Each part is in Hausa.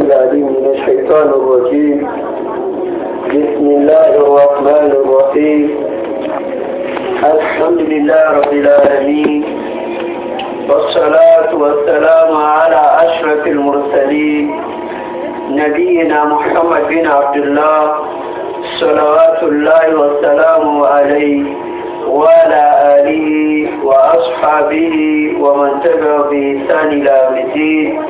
العليم من الشيطان الرجيم بسم الله الرحمن الرحيم الحمد لله رب العالمين والصلاة والسلام على أشرف المرسلين نبينا محمد بن عبد الله صلوات الله والسلام عليه وعلى آله وأصحابه ومن تبع بإنسان إلى الدين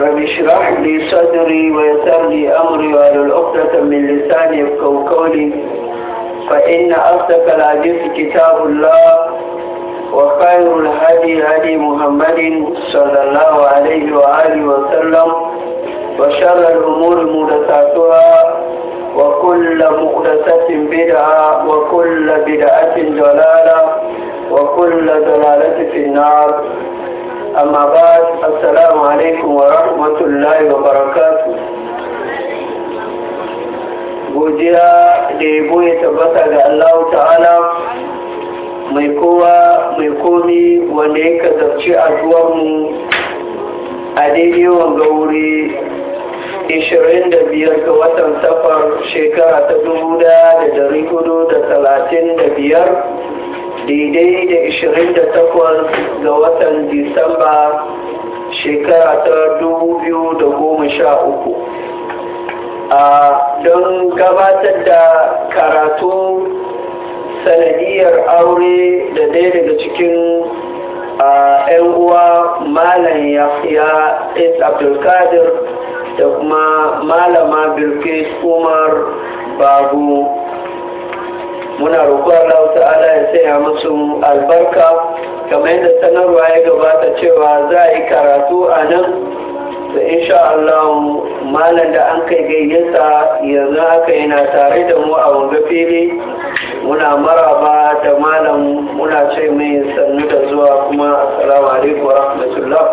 رب اشرح لي صدري ويسر لي أمري واحلل عقدة من لساني يفقهوا قولي فإن أصدق الحديث كتاب الله وخير الهدي هدي محمد صلى الله عليه وآله وسلم وشر الأمور محدثاتها وكل محدثة بدعة وكل بدعة ضلالة وكل ضلالة في النار أما بعد السلام عليكم ورحمة الله وبركاته da yabo ya tabbata ga Allah ta'ala mai mai komi wanda ya kasance a mu a daidai wanga wuri 25 ga watan safar shekara ta 435 daidai da 28 ga watan disamba shekara ta goma 2013 a don gabatar da karatu sanadiyar aure da ɗaya daga cikin yan uwa malam fiya is abdulkadir da kuma malama birkis umar babu muna roƙo Allah ta'ala ya saya musu albarka kamar yadda sanarwa ya gabata cewa za a yi karatu a nan da insha Allah malam da an kai gayyata yanzu haka na tare da mu a wanga fili muna maraba da malam muna ce mai sannu da zuwa kuma assalamu alaikum wa rahmatullah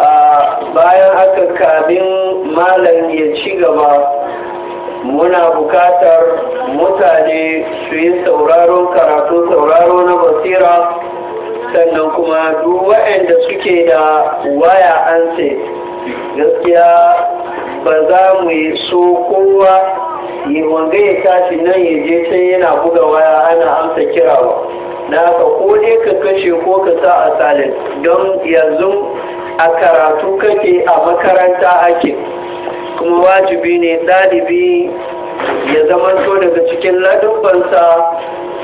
ah, bayan aka kamin malam ya ci gaba muna bukatar mutane su yi sauraron karatu sauraro na basira sannan kuma duk waɗanda suke da waya an gaskiya ba za mu yi so kowa yi wanga ya tashi nan ya je sai yana buga waya ana amsa kira ba na ka kone ka kashe ko ka sa a salin don yanzu a karatu kake a makaranta ake kuma wajibi ne ɗalibi ya zamanto daga cikin ladubbansa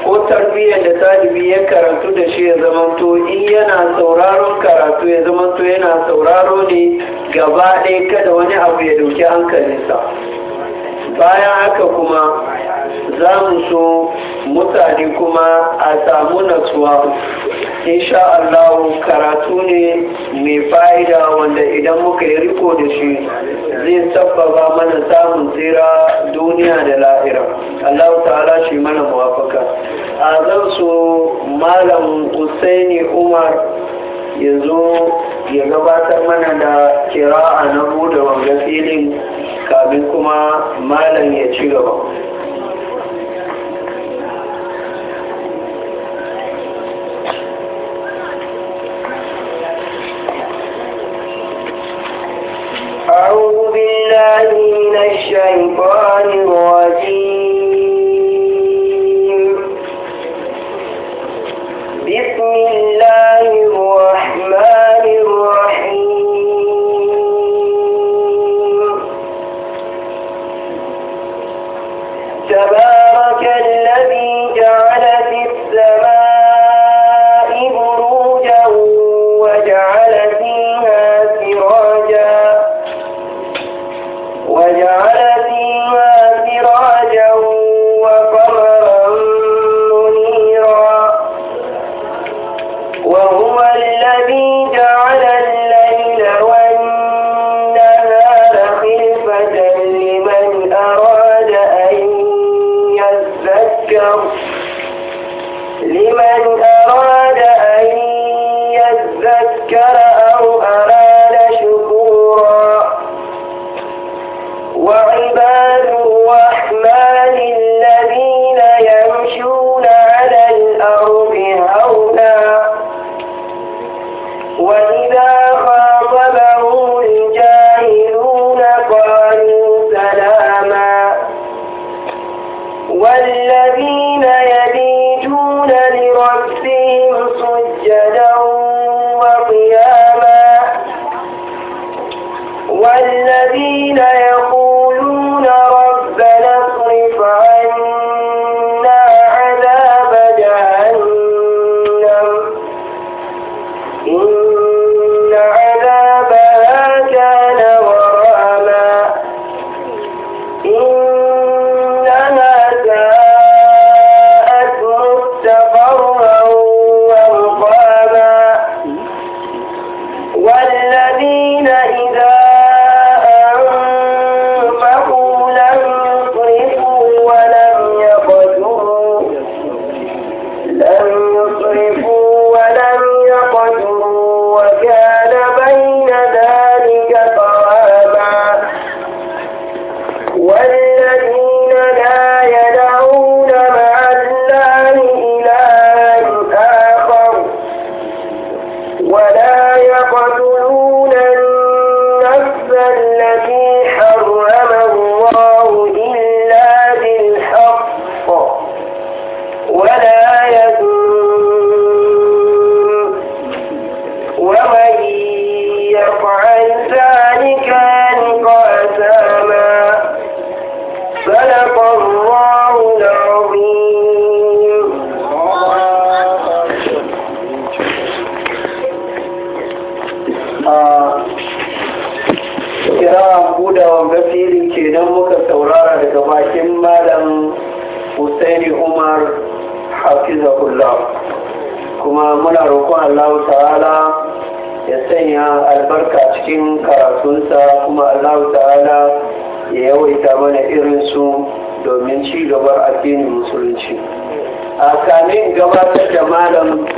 ko tarbiyyar da ɗalibi ya karatu da shi ya zamanto in yana sauraron karatu ya zamanto yana sauraro ne gaba ɗaya kada wani abu ya dauki hankalinsa bayan haka kuma za mu so mutane kuma a samu natsuwa insha Allah karatu ne mai fa'ida wanda idan muka yi riko da shi zai sabbaba mana samun tsira duniya da lahira Allah ta'ala shi mana mawafaka a zan so malam Usaini Umar yanzu ya gabatar mana da kira a na buɗe wanga filin kafin kuma malam ya ci gaba أعوذ بالله من الشيطان الرجيم Saidi Umar hafizahullah kuma muna roƙon Allah ta'ala ya sanya albarka cikin karatunsa kuma Allah ta'ala ya yawaita mana irinsu domin ci gabar addinin musulunci a kamin gabatar da malam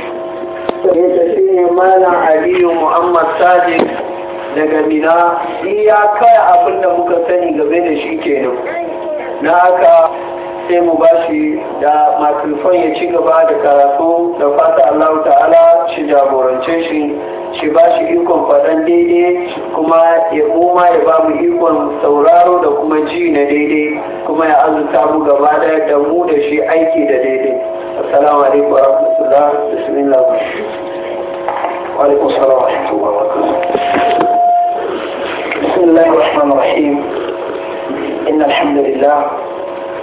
da tafi ne malam aliyu muhammad sadiq daga mina iya kaya abinda muka sani game da shi kenan na haka sai mu bashi da makrifon ya ci gaba da karatu da fata Allah ta'ala shi jagorance shi shi ba shi ikon faɗan daidai kuma ya koma ya ba mu ikon sauraro da kuma ji na daidai kuma ya azuta mu gaba da da mu da shi aiki da daidai assalamu alaikum wa rahmatullah bismillah wa alaikum salam wa rahmatullah wa rahim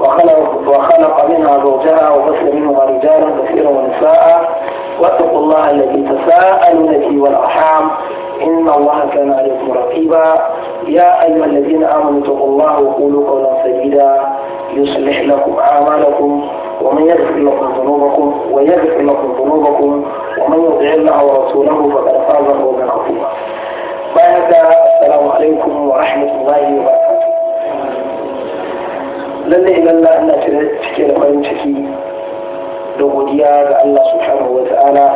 وخلق, وخلق منها زوجها وبث منها رجالا كثيرا ونساء واتقوا الله الذي تساءلون به والارحام ان الله كان عليكم رقيبا يا ايها الذين امنوا اتقوا الله وقولوا قولا سديدا يصلح لكم اعمالكم ومن يغفر لكم ذنوبكم ويغفر لكم ذنوبكم ومن يطع الله ورسوله فقد فاز فوزا عظيما. بعد السلام عليكم ورحمه الله وبركاته. lalle ilalla ina cike da farin ciki da godiya ga Allah subhanahu wa ta'ala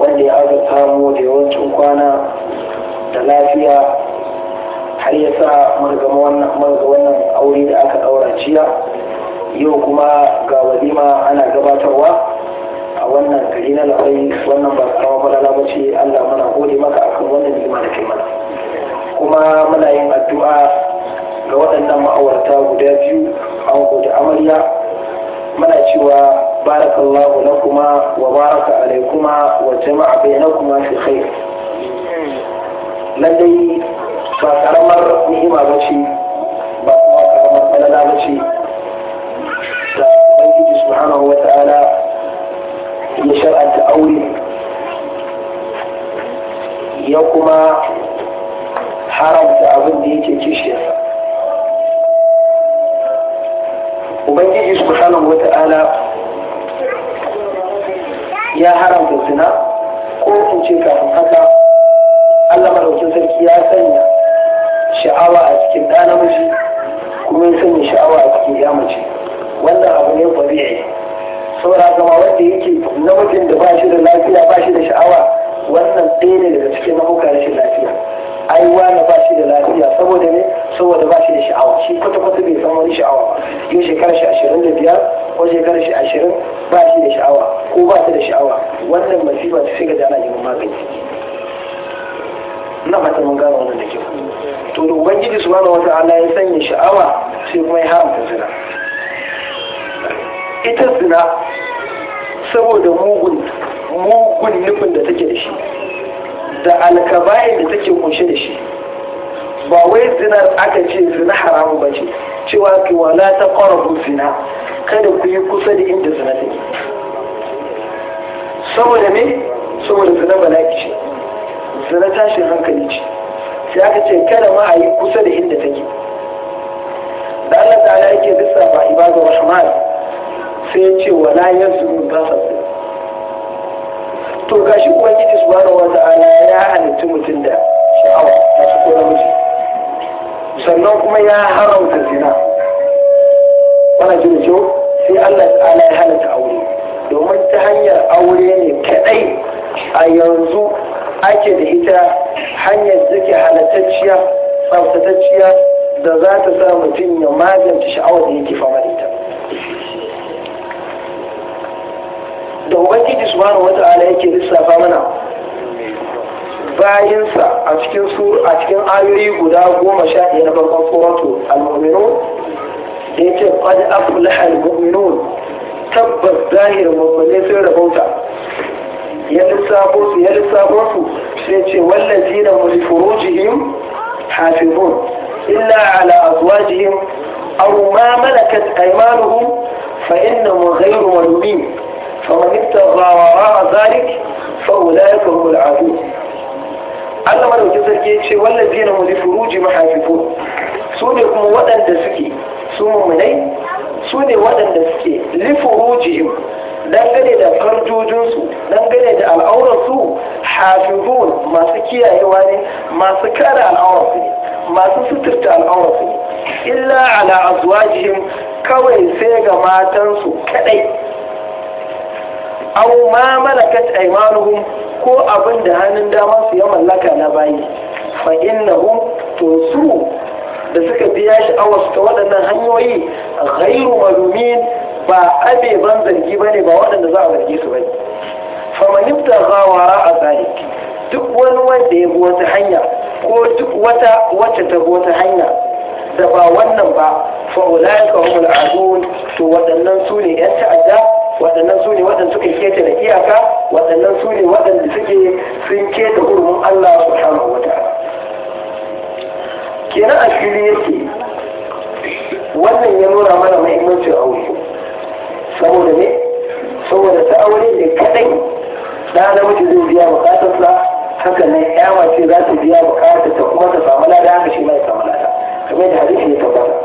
wanda ya azurta mu da yawancin kwana da lafiya har ya sa margama wannan aure da aka daura ciya yau kuma ga walima ana gabatarwa a wannan gari na lafai wannan ba kawo falala ba ce Allah mana gode maka akan wannan nima da kai mana kuma muna yin addu'a ga waɗannan ma'aurata guda biyu an da amarya muna cewa barakallahu kuma wa baraka alaikuma wa jama'a kuma fi Na lallai ba karamar ni'ima ba ce ba kuma karamar falala ba ce da ubangiji subhanahu wa ta'ala ya shar'anta aure ya kuma haramta abin da yake kishiyarsa ubangiji su subhanahu wata'ala ya haramta zina ko in ce kafin haka Allah madaukin sarki ya sanya sha'awa a cikin ɗa namiji kuma ya sanya sha'awa a cikin ya mace wannan abu ne yi saboda gama wanda yake namijin da ba shi da lafiya ba shi da sha'awa wannan ɗaya ne daga cikin nau'ukan rashin lafiya ayuwa na ba shi da lafiya saboda ne saboda ba shi da sha'awa shi kwata-kwata bai san wani sha'awa yau shekara shi ashirin da biyar ko shekara shi ashirin ba shi da sha'awa ko ba shi da sha'awa wannan masifa ta sai ga jana neman magani na fata mun gano wannan da kyau to da ubangiji subhanahu wata ala ya sanya sha'awa sai kuma ya haramta zina ita zina saboda mugun mugun nufin da take da shi da alkabayin da take kunshe da shi ba wai zinar aka ce zina haramu ba ce cewa ki wala ta ƙwararru zina kada ku yi kusa da inda zina take saboda ne saboda zina ki ce zina tashin hankali ce sai aka ce kada ma a yi kusa da inda take da Allah ala yake ibada ibadu rahman sai ya ce wala yazunu ba sa to gashi ubangiji subhanahu wa ta'ala ya halittu mutum da sha'awa masu kora mutum sannan kuma ya haramta zina wana ji sai Allah ta'ala ya halatta aure domin ta hanyar aure ne kadai a yanzu ake da ita hanyar zuke halattacciya tsaftatacciya da za ta sa mutum ya magance sha'awar da yake fama da ita da ubangiji subhanahu wata'ala yake lissafa mana bayansa a cikin su a cikin ayoyi guda goma sha ɗaya na farkon suratu al-mu'minun da yake qad aflaha al-mu'minun tabbas zahirin mu'minai sun rabauta ya lissafo su ya lissafo su sai ce wallazina min furujihim hafifun illa ala azuwa azwajihim aw ma malakat aymanuhum fa innahum ghayru malumin فمن ابتغى وراء ذلك فأولئك هم العادون Allah madaukin sarki ya ce wallazi na muli furuji mahafifu su ne kuma waɗanda suke su mummunai su ne waɗanda suke yi dangane da karjojinsu dangane da al'aurarsu hafizun masu kiyayewa ne masu kare al'aurarsu ne masu suturta al'aurarsu ne illa ala azwajihim kawai sai ga matansu kadai aw ma malakat aymanuhum ko abin da hannun dama su ya mallaka na bayi fa innahum su da suka biya sha'awar ta waɗannan hanyoyi ghairu malumin ba abeban zargi bane ba waɗanda za a zargi su bane faman ibtagha wara zalik duk wani wanda ya bi wata hanya ko duk wata wacce ta bi wata hanya da ba wannan ba fa ulaika humul adun to waɗannan su ne yan waɗanda suke sun keta hurumin Allah subhanahu wa ta'ala kenan a fili yake wannan ya nuna mana muhimmancin aure saboda ne saboda ta aure ne kadai da namiji zai biya bukatarsa haka ne ya mace za ta biya ta kuma ta samu lada haka shi ma ya samu lada kamar da hadisi ya tabbata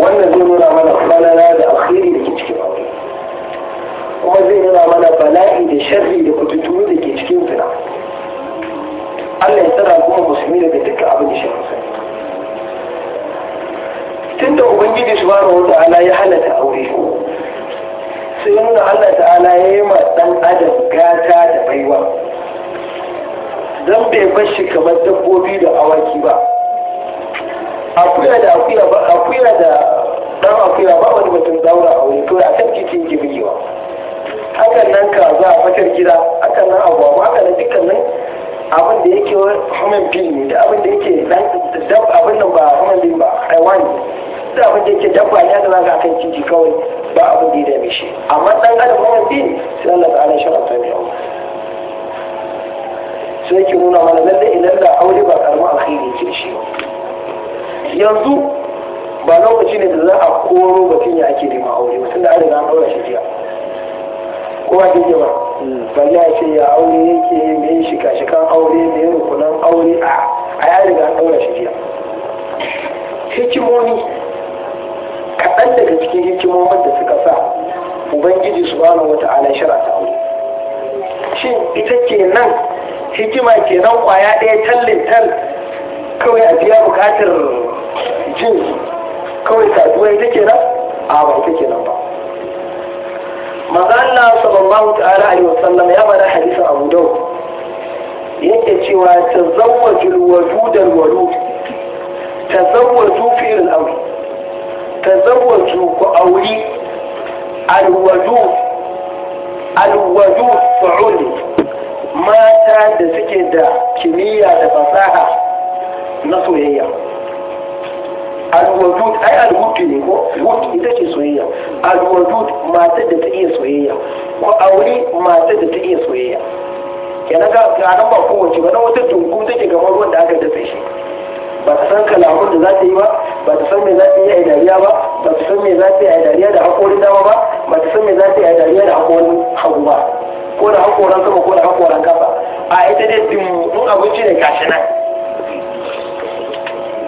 wannan zai nuna mana falala da alkhairi kuma zai nuna mana bala'i da sharri da kututu da ke cikin zina Allah ya tsara kuma musulmi daga duka abin da shi musulmi tun da ubangiji bara wata ala ya halatta aure sai nuna Allah ta'ala ya yi ma adam gata da baiwa dan bai bashi kamar dabbobi da awaki ba akuya da akuya ba akuya da dan akuya ba wani mutum zaura aure to a kan titin jibriwa hakan nan a bakar gida hakan nan agwagwa hakan nan dukkanin abin da yake human being ne da abin da yake dan dab abin nan ba human being ba haiwan da abin da yake dabba ne da zaka kan titi kawai ba abin da ya dame shi amma dan adam human being sai Allah ta'ala sharanta ne sai yake nuna mana lalle idan da aure ba karama alkhairi ke shi yanzu ba lokaci ne da za a koro batun ya ake nema aure mutum da an riga an daura shi jiya kowa da yawa ya ce ya aure yake mai shika shikan aure mai rukunan aure a a ya riga shi jiya hikimomi kaɗan daga cikin hikimomin da suka sa ubangiji wata ala shara ta aure shin ita ke nan hikima ke nan kwaya ɗaya tallin kawai a biya bukatar jin kawai saduwa ita ke nan a ba ita ke nan ba magana sallallahu ta'ala alaihi wasallam ya bada hadisin abu daud yake cewa ta zawwajul da walud ta zauwa zufirin aure ta zauwa ku auri alwadud alwadud fa'uli mata da suke da kimiyya da fasaha na soyayya alwajud ai alwudu ne ko wud ita ce soyayya ma matar da ta iya soyayya ko aure matar da ta iya soyayya kenan ga nan ba kowace ba na wata tunku take gaban ruwan da aka dafa shi ba ta san kalamun da za ta yi ba ba ta san me za ta yi a dariya ba ba ta san me za ta yi a dariya da hakorin dama ba ba ta san me za ta yi a dariya da hakorin hagu ba ko da hakoran sama ko da hakoran kafa a ita dai in abinci ne gashi nan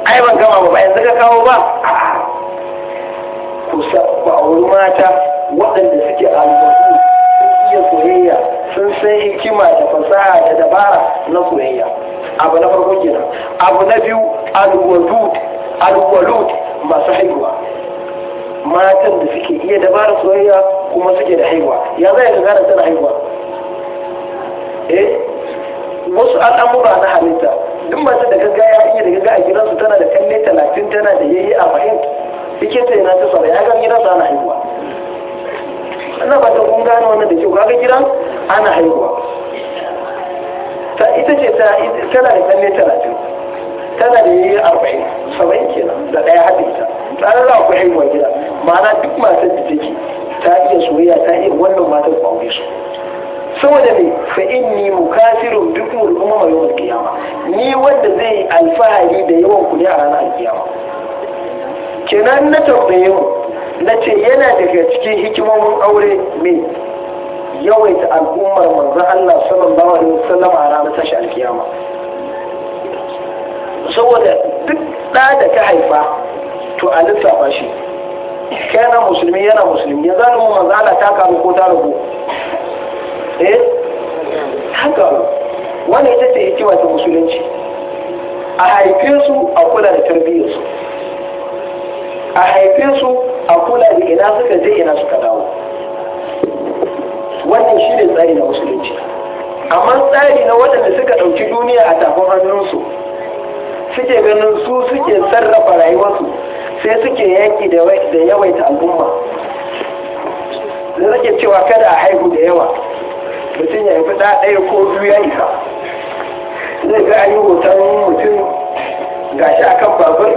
ai ban gama ba yanzu ka kawo ba kusa ba wuri mata waɗanda suke sun iya soyayya sun san hikima da fasaha da dabara na soyayya abu na farko kenan abu na biyu alwalud alwalud masu haihuwa matan da suke iya dabarar soyayya kuma suke da haihuwa ya zai ga gara tana haihuwa eh wasu al'amura na halitta duk ta da gaga ya yi da gaga a gidansu tana da kanne talatin tana da yayi a bayan ike ta yana ta tsara ya ga gidansu ana haihuwa ana ba ta kun gane wannan da kyau ga gidan ana haihuwa ta ita ce ta tana da kanne talatin tana da yayi arba'in saba'in kenan da ɗaya haɗe ta tsarin za ku haihuwa gida ma'ana duk matar da take ta iya soyayya ta iya wannan matar ba su saboda mai fa inni mukasirun duk mulkuma mai yawan kiyama ni wanda zai yi alfahari da yawan ku ne a ranar kiyama kenan na tambaye na ce yana daga cikin hikimomin aure mai yawaita al'ummar manzan Allah sallallahu alaihi wasallam a ranar tashi alkiyama saboda duk ɗa da ka haifa to a lissafa shi kana musulmi yana musulmi ya zanu manzan Allah ta karu ko ta rubu eh ta wani wannan ita ce hikima ta musulunci a haife su a kula da tarbiyyar su a haife su a kula da ina suka je ina suka dawo wannan shi ne tsari na musulunci amma tsari na waɗanda suka ɗauki duniya a tafin hannunsu suke ganin su suke sarrafa rayuwarsu sai suke yaki da yawaita al'umma da suke cewa kada a haihu da yawa mutum ya fi ɗaya ko biyu ya isa zai ga yi hoton mutum ga shi a kan babur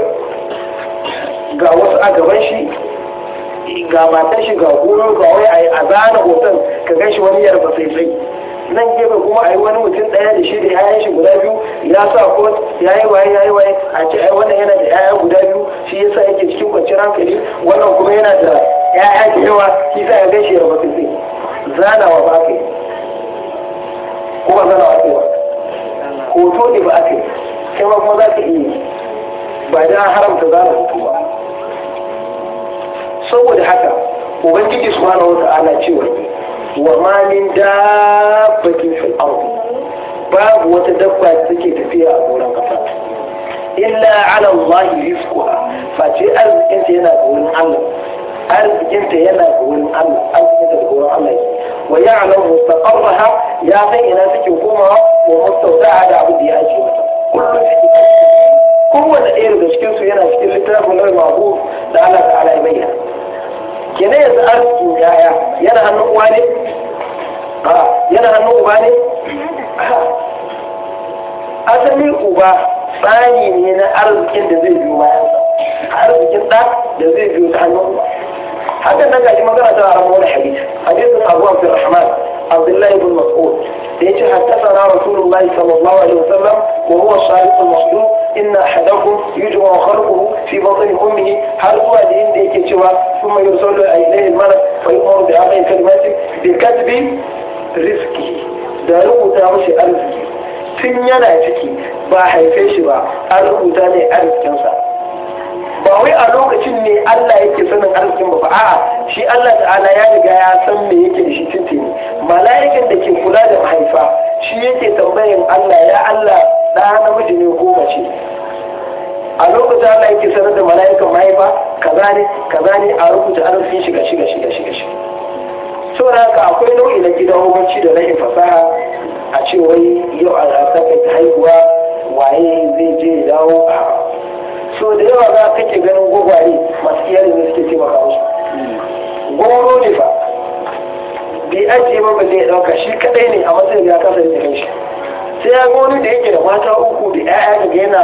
ga wasu a gaban shi ga matar shi ga goro ga wai a yi a zana hoton ka gan shi wani yarba sai nan gefe kuma a yi wani mutum ɗaya da shi da yayan shi guda biyu ya sa ko ya yi waye ya yi waye a ce ai wannan yana da 'ya'yan guda biyu shi ya sa yake cikin kwanciyar hankali wannan kuma yana da yaya da yawa shi sa ya gaishe ya ba zanawa ba kai ko ba zana ake ba hoto ne ba ake sai ba kuma za ka iya ba da haramta zana hoto ba saboda haka ubangiji subhanahu wa ta'ala cewa wa ma min dabbatin fil ardi babu wata dabba da take tafiya a goron kafa illa ala allahi rizquha fa ce arzikin yana da wurin Allah arzikinta yana da wurin Allah arzikinta da wani Allah yake wa ya'lamu mustaqarraha ya san ina take komawa wa mustawda'a da abin da ya ajiye mata kullum kowane ɗaya daga cikin su yana cikin littafin rai mahu da Allah ta'ala ya bayyana kenan yanzu arzikin yaya yana hannun uwa ne yana hannun uba ne asali uba tsari ne na arzikin da zai biyo bayan arzikin ɗan da zai biyo ta hannun haka nan gashi magana ta arabu wani hadis hadisin abu abdul rahman abdullahi ibn mas'ud da yace haddasa na rasulullahi sallallahu alaihi wasallam wa huwa sadiq al-masduq inna ahadakum yujma khalquhu fi batn ummihi har zuwa da inda yake cewa kuma yursalu ilayhi al-malak fa yu'muru bi amri kalimati bi katbi rizqi da rubuta mashi arziki tun yana ciki ba haife shi ba an rubuta ne arzikinsa ba wai a lokacin ne Allah yake sanin arzikin ba a'a shi Allah ta'ala ya riga ya san me yake da shi titi mala'ikan da ke kula da mahaifa shi yake tambayin Allah ya Allah da namiji ne ko ce. a lokacin Allah yake sanar da mala'ikan mahaifa kaza ne kaza ne a rubuta arzikin shiga shiga shiga shiga shi saboda haka akwai nau'i na gidan hukunci da laifin fasaha a ce wai yau a saka ta haihuwa waye zai je dawo a so da yawa za ka ke ganin gwagware masu iyali ne suke taimaka musu gwaro ne fa Bi ajiye ba ba zai ɗauka shi kadai ne a matsayin ya kasa da kan shi sai ya gani da yake da mata uku da 'ya'ya da yana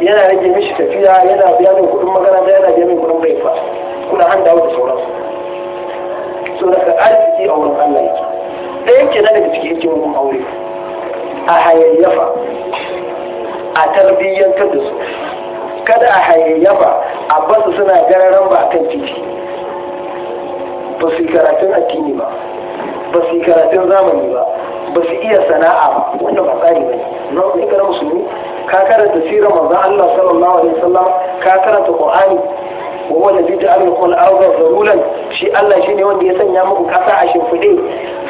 yana rage mishi tafiya yana biya mai kuɗin makaranta yana biya mai kuɗin bai fa an dawo da sauransu so daga arziki a wurin allah yake ɗayan ke na daga cikin hikimomin aure a hayayyafa a tarbiyyar da su kada a hayayyafa a basu suna gararan ba kan titi ba su yi karatun addini ba ba su yi karatun zamani ba ba su iya sana'a ba wanda ba tsari ba na wani kara musulmi ka karanta sirar manzan Allah sallallahu alaihi wasallam ka karanta ƙwa'ani wa wanda zai ja'al lakum al-ardha shi Allah shi ne wanda ya sanya muku kasa a shimfide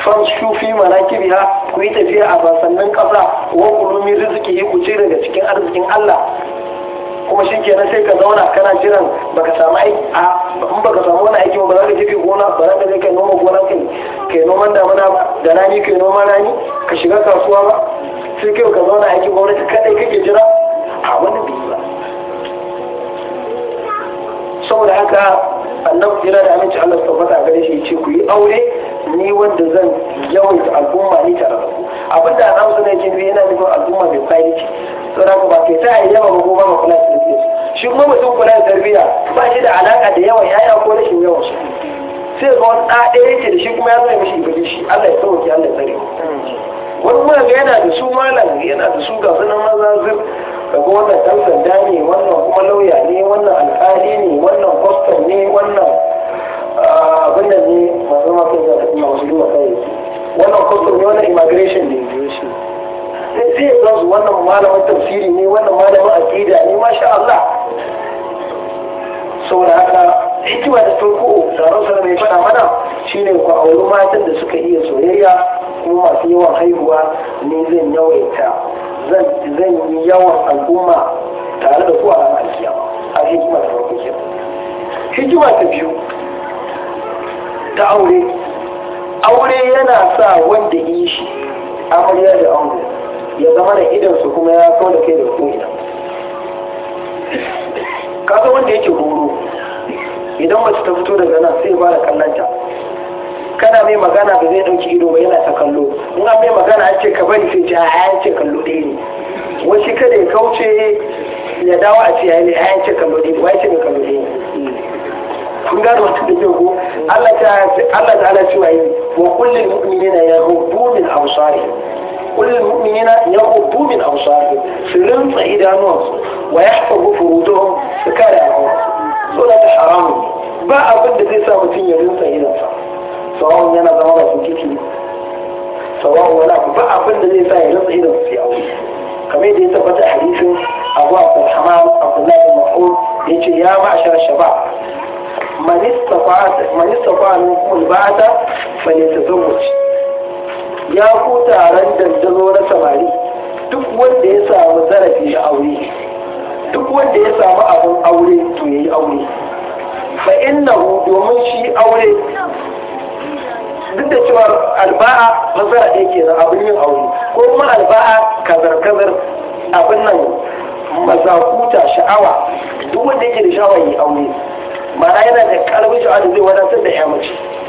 shufi fi manakibiha ku yi tafiya a basannin kasa wa kulu riziki rizqihi ku ci daga cikin arzikin Allah kuma shi kenan sai ka zauna kana jiran baka samu aiki a in baka samu wani aiki ba za ka jefe gona ba za ka je kai noma gona kai kai noman damana ba da rani kai noma rani ka shiga kasuwa ba sai kai ka zauna aikin gwamnati kadai kake jira a wani biyu ba saboda haka annabi yana da aminci Allah ta a gare shi ce ku yi aure ni wanda zan yawaita al'umma ni tare da ku abin da annabi sun yake ne yana nufin al'umma mai kwaliti saboda haka ba kai ta yi yawa ba ko ba kula da tarbiyya shi kuma mutum kula da tarbiyya ba shi da alaka da yawan yaya ko rashin yawan su sai ga wani ɗaya yake da shi kuma ya zai mishi ibili shi Allah ya sauke Allah ya tsare hmm. wani kuma yana da su malam yana da su ga sunan maza zir daga wannan dan sanda ne wannan kuma lauya ne wannan alƙali ne wannan kwastan ne wannan ah, abinda ne masu masu da kuma wasu duwa kai wannan kwastan ne wannan immigration ne sai zai zo wannan malamin tafsiri ne wannan malamin aƙida ne masha Allah saboda haka hikima da farko taron sa mai fada mana shine ku auri matan da suka iya soyayya kuma masu yawan haihuwa ne zan yawaita zan yi yawan al'umma tare da ku a a hikima da farko ke hikima ta biyu ta aure aure yana sa wanda yi shi amarya da aure ya zama da idansu kuma ya kawo da kai da ko'ina kaga wanda yake horo idan mace ta fito daga nan sai ba da kallanta kana mai magana ba zai dauki ido ba yana ta kallo in an mai magana an ce ka bari sai ji a ce kallo ɗaya ne wasu kada ya kauce ya dawo a ce ne a ce kallo ɗaya ne wai ce mai kallo ɗaya ne kun gano wata da ko Allah ta Allah ta ala ciwaye wa kullum mu'minina yaghuddu min absarihim kullum mu'minina ya hudu min absari su rinsa su wa ya haɓa furutuhum su kare abuwansu Su da ta haramun ba abin da zai sa mutum ya rinsa idansa sawa'un yana zama da kukici sawa'un wani abu ba abin da zai sa ya rinsa idansa ya aure kamar yadda ya tabbata a hadisin abu abdulhaman abdullahi mahmud ya ce ya ma'ashar shabab man fa minkum ta baata falyatazawwaj ya ku taron dandano na samari duk wanda ya samu zarafi ya aure duk wanda ya samu abin aure to ya yi aure fa innahu domin shi aure duk da cewa alba'a a ɗaya kenan abin yin aure ko kuma alba'a kazar-kazar abin nan mazakuta sha'awa duk wanda yake da sha'awa ya yi aure ma'ana yana da ƙarfin sha'awa da zai wadatar da ya mace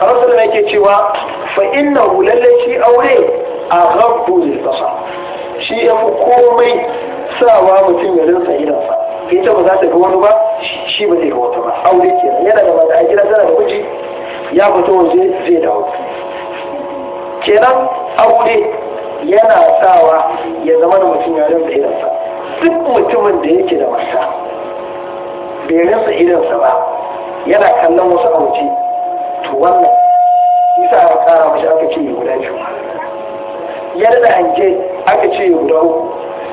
rasul da yake cewa fa inna lalle shi aure a gabbu ne sasa shi ya fi komai sawa mutum ya rinsa idansa ita ba za ta ga wani ba shi ba zai ga wata ba aure kenan yana da mata a gida tana da miji ya fito waje zai dawo kenan aure yana sawa ya zama da mutum ya rinsa idansa duk mutumin da yake da mata bai rinsa idansa ba yana kallon wasu a to wannan isa aka kara mashi aka ce ya guda biyu ya daɗa hanke aka ce ya guda uku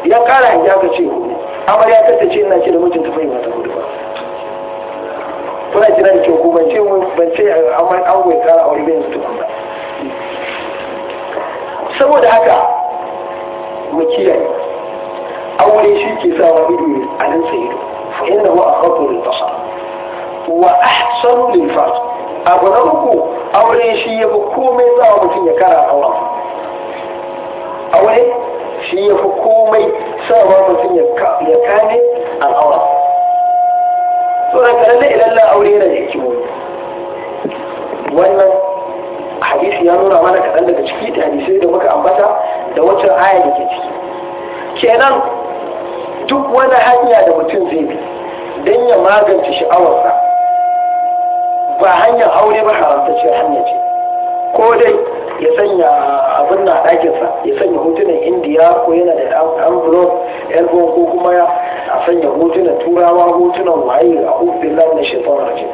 ya kara hanke aka ce hudu amma ya tattace ina ce da mutum ta fahimta ta hudu ba kuna jira da kyau ko ban ce ban ce eh, amma an goyi kara aure bai yanzu tukun ba saboda haka mu kiyaye aure shi ke sa wa ido a nan sa ido fa inna huwa aqrbu lil basar wa ahsanu lil farj abu na uku aure shi ya fi komai za a mutum ya kara auren aure shi ya fi komai sa ba mutum ya kane So tsoron kanan da ilalla aure yana da hikimomi wannan hadisi ya nuna mana kaɗan daga ciki da hadisai da muka ambata da wacce aya da ke ciki kenan duk wani hanya da mutum zai bi don ya magance sha'awarsa ba hanyar aure ba haramtacciyar hanya ce ko dai ya sanya abin na ɗakinsa ya sanya hotunan indiya ko yana da envelope elbow ko kuma ya a sanya hotunan turawa hotunan waye a hufin na shaitan rajin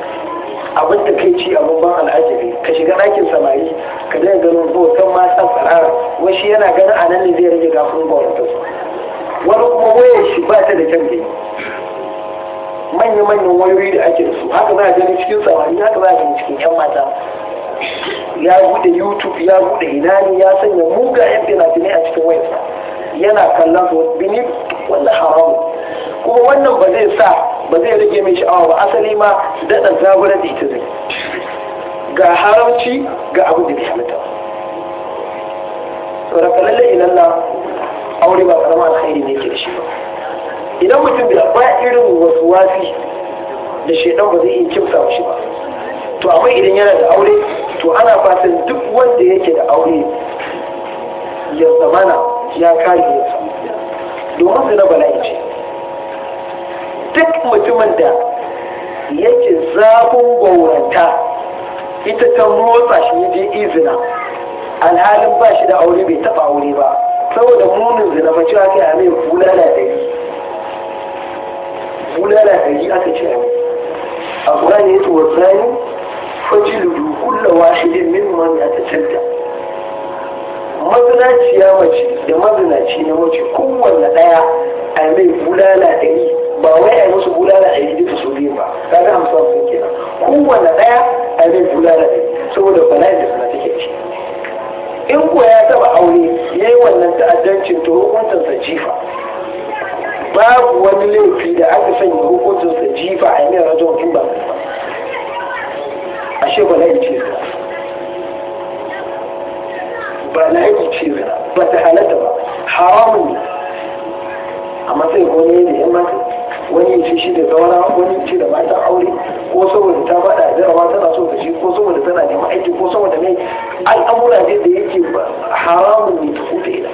abin da kai ci abin ban al'ajabi ka shiga ɗakin samari ka zai ganin bautan matan tsarar wasu yana ganin a nan ne zai rage gafin bautar wani kuma waya shi ba ta da kyan manya-manyan wayoyi da ake da su haka za a gani cikin samari haka za a gani cikin yan mata ya bude youtube ya bude inani ya sanya muga yan fina-finai a cikin wayansa yana kallon su bini wanda haram kuma wannan ba zai sa ba zai rage mai sha'awa ba asali ma daɗa zagura da ita zai ga haramci ga abin da bai halatta saboda kallon ilalla aure ba karama alkhairi ne ke da shi ba idan mutum da ba irin wasu wasi da shaidan ba zai iya kimsa shi ba to amma idan yana da aure to ana fatan duk wanda yake da aure ya zamana ya kare ya domin zina bala'i ce duk mutumin da yake zafin gwauranta ita ta motsa shi ya je izina alhalin ba shi da aure bai taba aure ba saboda munin zina mace ake a mai bulala da yi bulala yi aka ce a ƙurani ya tuwa tsani fajiludu kulla wahidin mimman ya ta canta mazinaciya mace da mazinaci na mace kowanne ɗaya a mai bulala ɗari ba wai a yi musu bulala yi duka su biyu ba kaga hamsin sun kenan kowanne ɗaya a mai bulala ɗari saboda bala'i da suna take ci in kuwa ya taɓa aure ya yi wannan ta'addancin to hukuntansa jifa babu wani laifi da aka sanya hukuncin sa jifa a yanayin rajon in ba ashe bala'i ce ba bala'i ce zina ba ta halatta ba haramun ne a matsayin wani da ya mata wani ce shi da zauna wani ce da mata aure ko saboda ta faɗa a jarawa tana so da shi ko saboda tana neman aiki ko saboda mai al'amura ne da yake haramun ne ta hutu idan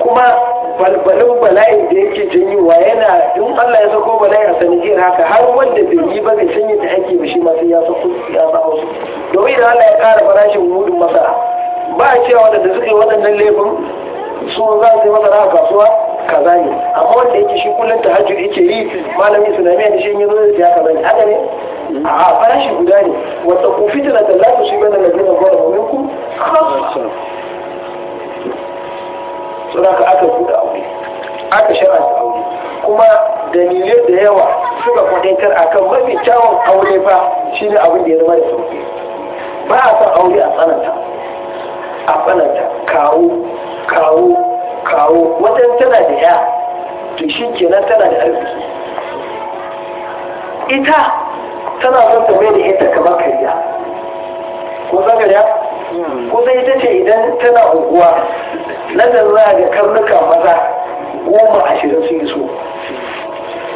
kuma balbalin bala'in da yake janyowa yana in Allah ya sako bala'i a sanadiyar haka har wanda bai yi ba bai san yadda ake ba shi ma sai ya sako ya samu su domin idan Allah ya ƙara farashin mudun masara ba a cewa wanda da suke waɗannan laifin su za su yi masara a kasuwa kaza ne amma wanda yake shi kullum ta Hajji yake yi malami islamiyya da shi yanzu ya siya kaza ne haka ne a farashi guda ne wata ku fitina da za su shi bane da zai na gwada ku saboda ka aka buɗe aure aka shara'anta aure kuma dalilai da yawa suka a akan mafi kyawun aure fa shine abin da ya zama da sauƙi. ba a san aure a tsananta a tsananta kawo kawo kawo wajen tana da ya to shi kenan tana da arziki ita tana son ta mai da ita kamar kariya ko zagaya kusa ita ce idan tana unguwa na da za ga karnuka maza goma ashirin sun yi so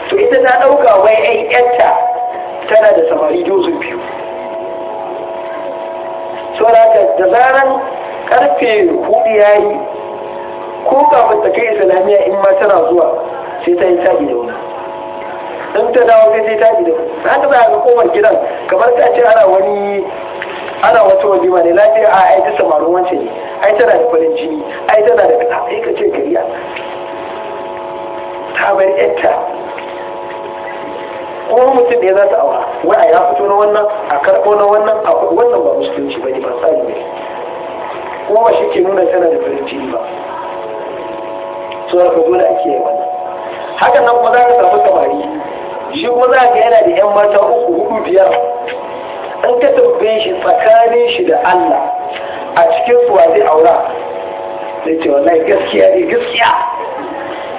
to ita ta ɗauka wai ai yatta tana da samari dozin biyu so da zaran karfe hudu ya yi ko kafin ta kai islamiyya in ma tana zuwa sai ta yi tabi da wani in ta dawo sai ta yi tabi da wani za a ga kowar gidan kamar ta ce ana wani ana wata ma ne lafiya a aiki samarin wancan ne ai tana da farin jini ai tana da fita ai ka ce kariya ta bar yatta kuma mutum ya za ta aura wai a ya fito na wannan a karɓo na wannan a wannan ba musulunci ba ne ba sa ne kuma ba shi ke nuna tana da farin jini ba da ka dole ake yi wannan hakan nan kuma za ka samu samari shi kuma za ka yana da yan mata uku hudu biyar An ka tambaye shi tsakanin shi da Allah a cikin su zai aura zai ce wallahi gaskiya ne gaskiya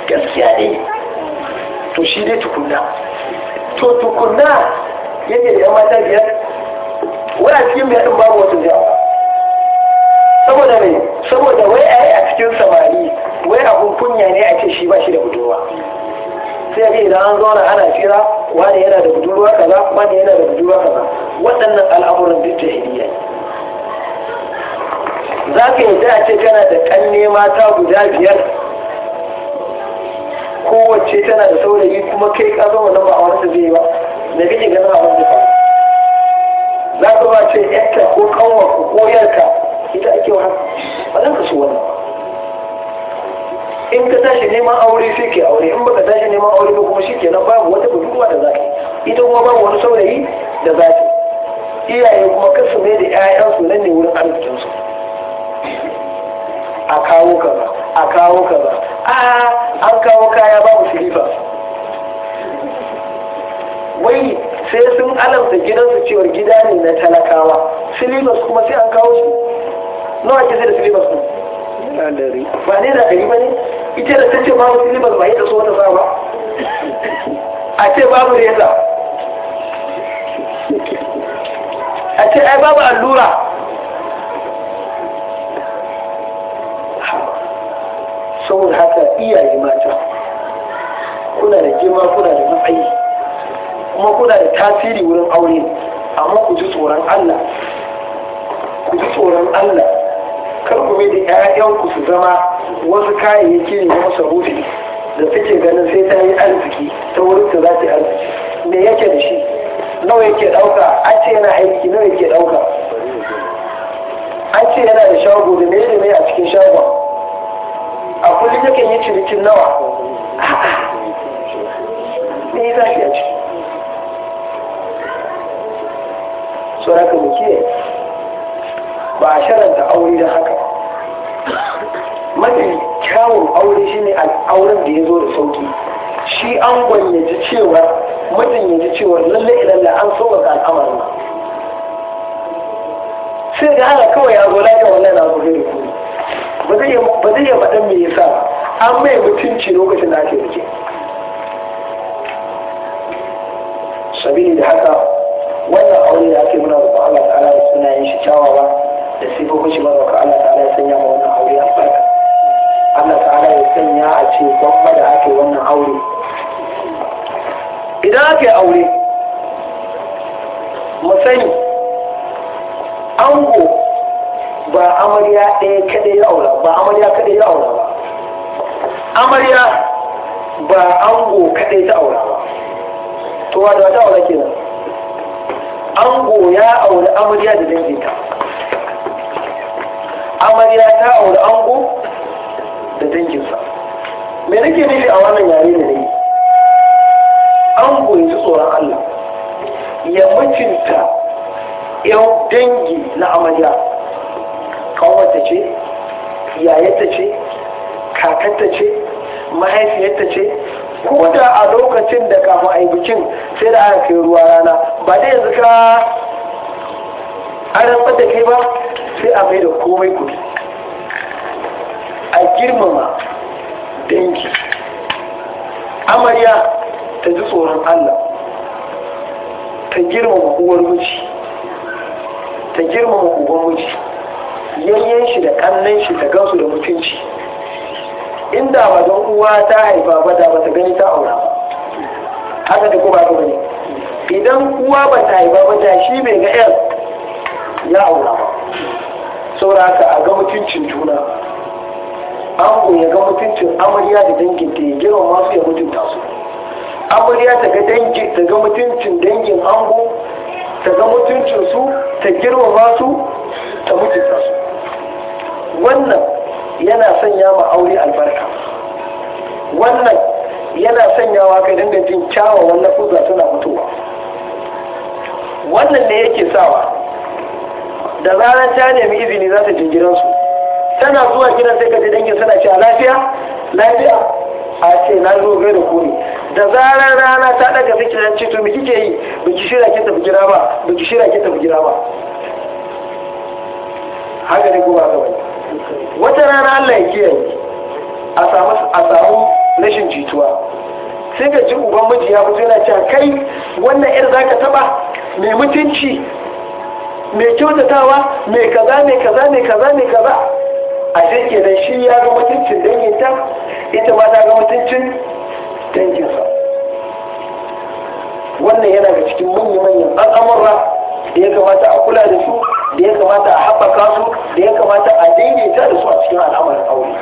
gaskiya ne to shi ne tukunna to tukunna yake da yan ta biyar wani cikin biyar ɗin babu wata jawa saboda mai saboda wai a yi a cikin samari wai abun kunya ne a ce shi ba shi da budurwa sai ga idan zauna ana kira wani yana da budurwa kaza wani yana da budurwa kaza waɗannan al'amuran duk da hidiya za ka yadda a ce kana da kanne mata guda biyar kowace tana da saurayi kuma kai ka zama nan ba a zai ba da kake ganin a wani ba za ka ba ce yanka ko kanwa ko yarka ita ake wani ba zan ka su wannan in ka tashi neman aure sai ke aure in baka tashi neman aure ba kuma shi nan babu wata gudunwa da zaki ita kuma babu wani saurayi da zaki iyaye kuma kasu ne da 'ya'yansu nan ne wurin arzikinsu a kawo kaza a kawo kaza a an kawo kaya babu silifa wai sai sun alamta gidansu cewar gida ne na talakawa silifas kuma sai an kawo shi nawa ke sai da silifas kuma ba ne da ɗari ba ne ita da ta ce babu silibar ba yadda so wata sa ba a ce babu reza a ce ai babu allura saboda haka iyaye mata kuna da girma kuna da matsayi kuma kuna da tasiri wurin aure amma ku ji tsoron Allah ku ji tsoron Allah kar ku da 'ya'yanku su zama wasu kayayyaki ne masu rufi da suke ganin sai ta yi arziki ta wurin da za ta yi arziki me yake da shi nawa yake ɗauka an ce yana aiki nawa yake ɗauka an ce yana da shago da me da me a cikin shago. a kullum yake yi cinikin nawa me za ki a ciki so haka kiyaye ba a sharanta aure da haka mafi kyawun aure shine auren da ya zo da sauki shi an gwanyaci cewa mutum ya ji cewa lalle idan da an ga al'amarin sai da hana kawai ya zo lafiya wannan na zo da kuri ba zai yi faɗin me yasa an mai mutunci lokacin da ake rike sabili da haka wannan aure da ake muna da ba'ala ta'ala da sunayen shi kyawawa da sifofin shi ka Allah ta'ala ya sanya ma wannan aure albarka Allah ta'ala ya sanya a ce gwamma da ake wannan aure idan ake aure mu sani ango ba amarya ɗaya kaɗai ya aura ba amarya kaɗai ya aura ba amarya ba ango kaɗai ta aura ba to wa da ta aura kenan ango ya aure amarya da danginta amarya ta auri ango da danginsa me nake nufi a wannan yare da ne ango ya ji tsoron allah ya mutunta yan dangi na amarya ta ce ta ce kakanta ce mahaifiyarta ce ko a lokacin da kafin a yi bikin sai da aka kai ruwa rana ba dai yanzu ka an rantsar da kai ba sai a mai da komai kuɗi a girmama dangi amarya ta ji tsoron allah ta girmama uwar miji ta girmama uban miji yayyen shi da kannan shi ta gansu da mutunci inda ba don uwa ta haifa ba da ba ta gani ta aura haka da kuma ba ne idan uwa ba ta haifa ba da shi bai ga 'yan ya aura ba Sauraka a ga mutuncin juna ango ya ga mutuncin amarya da dangin ta ya girma masu ya mutunta su amarya ta ga mutuncin dangin ango ta ga mutuncin su ta girma masu ta mutunta su wannan yana sanya ma aure albarka wannan yana sanyawa ka dinga jin kyawawan lafuza suna fitowa wannan ne yake sawa da zarar ta nemi izini za ta je su. tana zuwa gidan sai ka ji dangin suna ce lafiya lafiya a ce na zo gai da kuni da zarar rana ta daga fiki an ce to kike yi biki shira ki tafi gida ba biki shira ki tafi gida ba haka ne kuma ga wani wata rana Allah ya kiyaye a samu a samu rashin jituwa sai ga ji uban miji ya fito yana cewa kai wannan yar zaka taba mai mutunci mai kyautatawa mai kaza mai kaza mai kaza mai kaza a shi da shi ya ga mutuncin danginta ita ma ta ga mutuncin danginsa wannan yana da cikin manya-manyan al'amurra da ya kamata a kula da su da ya kamata a haɓaka su da ya kamata a daidaita da su a cikin al'amarin aure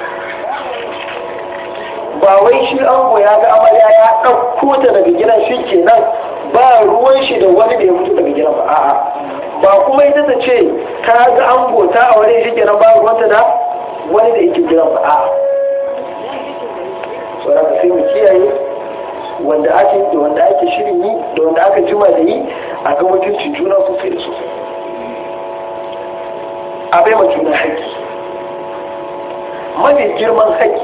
ba wai shi ango ya ga amarya ya ɗauko ta daga gidan shi kenan ba ruwan shi da wani da ya mutu daga gidan ba a'a ba kuma ita ta ce ta ga ango ta a wani shi kenan ba wata da wani da yake jiran ba a tsoron ka sai mu kiyaye wanda ake da wanda ake shirin yi da wanda aka jima da yi a ga mutunci juna sosai da sosai a bai ma juna haƙƙi mafi girman haƙƙi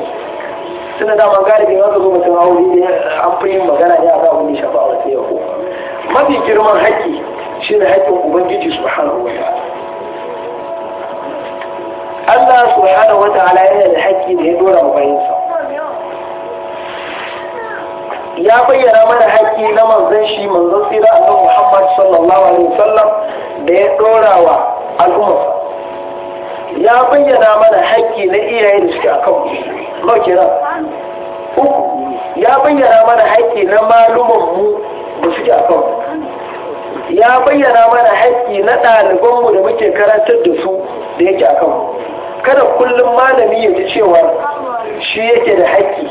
suna dama galibin wanda zo mutum aure ne an fi yin magana ne a ga wani shafa wata yau mafi girman haƙƙi shi ne haƙƙin ubangiji subhanahu wa ta'ala Allah su wa wata yana da haƙƙi da ya dora wa bayansa ya bayyana mana haƙƙi na manzan shi manzan tsira annabi Muhammad sallallahu alaihi wasallam da ya dora wa al'ummarsa ya bayyana mana haƙƙi na iyaye da suke kan mu kira uku ya bayyana mana haƙƙi na malumanmu da suke kan mu ya bayyana mana haƙƙi na ɗalibanmu da muke karantar da su da yake a kanmu kada kullum malami ya ji cewa shi yake da haƙƙi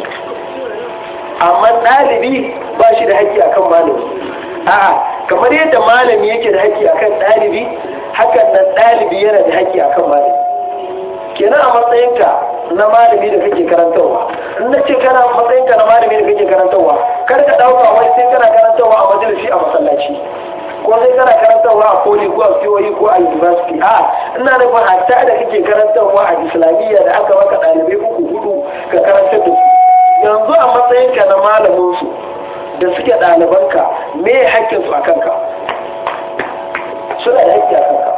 amma ɗalibi ba shi da haƙƙi akan malami a'a kamar yadda malami yake da haƙƙi akan ɗalibi hakan nan ɗalibi yana da haƙƙi akan malami kenan a matsayinka na malami da kake karantarwa in na ce kana matsayinka na malami da kake karantarwa kar ka ɗauka wai sai kana karantarwa a majalisi a masallaci ko sai kana karantarwa a koli ko a kiwoyi e ko a university a ina nufin hatta da kake karantarwa a islamiyya da aka maka ɗalibai uku hudu ka karantar da su yanzu a matsayinka na malamin su da suke ɗalibanka me ya hakkin su a kanka suna da haƙƙi a kanka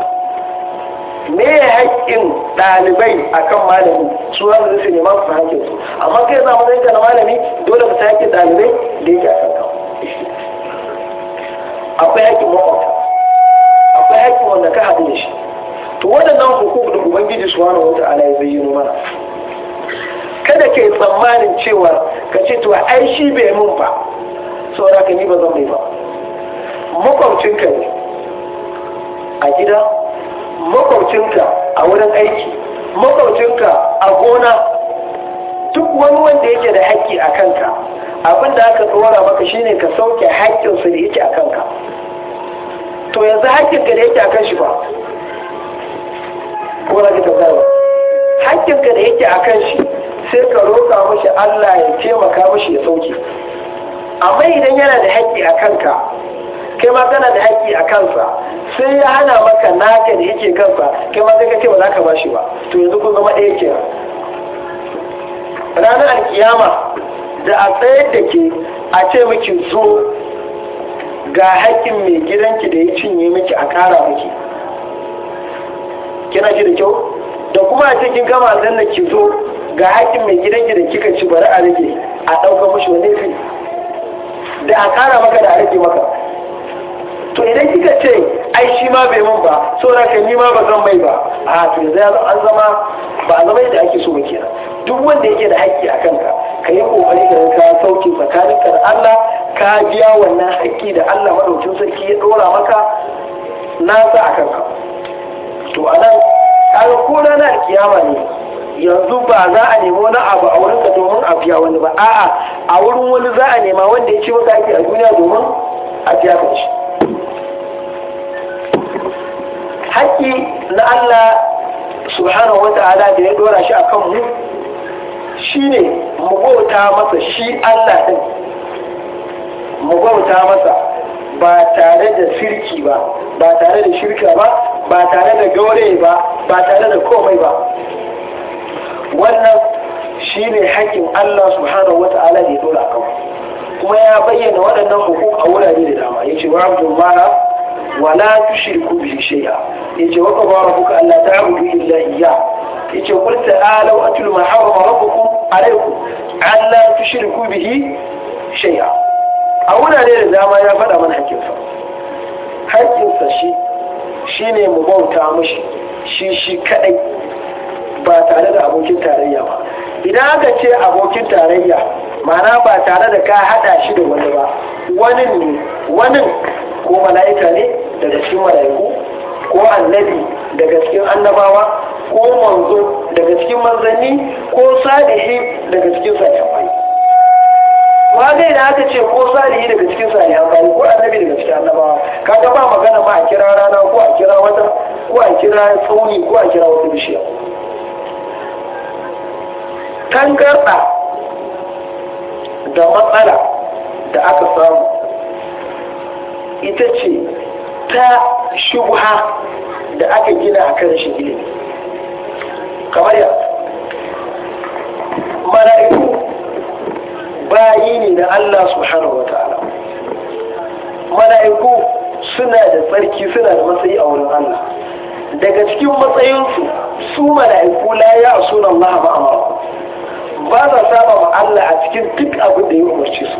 me ya haƙƙin ɗalibai a kan malami su za su rufe neman su su. amma kai za a matsayinka na malami dole ka ta haƙƙin ɗalibai da yake a kanka akwai haƙƙin mawauta akwai haƙƙin wanda ka haɗu da shi to waɗannan hukuk da su wani wata ala ya bayyana mana kada ka yi tsammanin cewa ka ce to ai shi bai mun ba saboda ka ni ba zan mai ba makwabcinka ne a gida makwabcinka a wurin aiki makwabcinka a gona duk wani wanda yake da haƙƙi a kanka abin da aka tsora maka shine ka sauke haƙƙinsu da yake a kanka to yanzu haƙƙinka da yake a kan shi ba ko na ka Haƙƙin haƙƙinka da yake a kan shi sai ka roƙa mashi Allah ya taimaka mashi ya sauke amma idan yana da haƙƙi a kanka kai ma kana da haƙƙi a kansa sai ya hana maka naka da yake kansa kai ma sai ka ce ba za ka bashi ba to yanzu kun zama ɗaya kenan ranar alkiyama da a tsayar da ke a ce miki zo ga haƙƙin mai gidanki da ya cinye miki a ƙara miki kina ji da kyau da kuma a cikin gama zan da ki zo ga haƙƙin mai gidanki da kika ci bari a rage a ɗauka mashi wani fi da a ƙara maka da a rage maka to idan kika ce ai shi ma bai mun ba na ka ni ma ba zan mai ba a to yanzu an zama ba a zama yadda ake so ba kenan duk wanda yake da haƙƙi a kanka ka yi ƙoƙari ka ka sauke tsakaninka da Allah ka biya wannan haƙƙi da Allah madaukin sarki ya ɗora maka nasa a kanka to anan kaga ko na kiyama ne yanzu ba za a nemi wani abu a wurinka domin a biya wani ba a'a a wurin wani za a nema wanda ya ci maka ake a duniya domin a biya ka shi. haƙƙi na Allah subhanahu Ta'ala da ya dora shi a kanmu shi mu bauta masa shi Allah ɗin mu masa ba tare da shirki ba ba tare da shirka ba ba tare da gaure ba ba tare da komai ba wannan shi ne haƙƙin Allah subhanahu Ta'ala da ya dora kanmu kuma ya bayyana waɗannan hukuk a wurare da dama Ya ce wa abu mara wala tushriku bihi shay'a yace wa qadara rabbuka alla ta'budu illa iyyah yace qul ta'alu atlu ma harrama rabbukum alaykum alla tushriku bihi shay'a a wurare da dama ya faɗa mana hakkinsa hakkinsa shi shine mu bauta mishi shi shi kadai ba tare da abokin tarayya ba idan aka ce abokin tarayya mana ba tare da ka hada shi da wani ba wani ne wani ko mala'ika ne daga cikin malaiku ko annabi daga cikin annabawa ko manzo daga cikin manzanni ko salihi daga cikin salihan bayi wanda da aka ce ko salihi daga cikin salihan bayi ko annabi daga cikin annabawa kaga ba magana ba a kira rana ko a kira wata ko a kira tsauni ko a kira wata bishiya tangarɗa da matsala da aka samu ita ce wata shubha da aka gina a kan shi ilimi kamar ya mala'iku bayi ne na Allah subhanahu wa ta'ala mala'iku suna da tsarki suna da matsayi a wurin Allah daga cikin matsayinsu su mala'iku la ya sunan Allah ma'amara ba za saba wa Allah a cikin duk abin da ya umarci su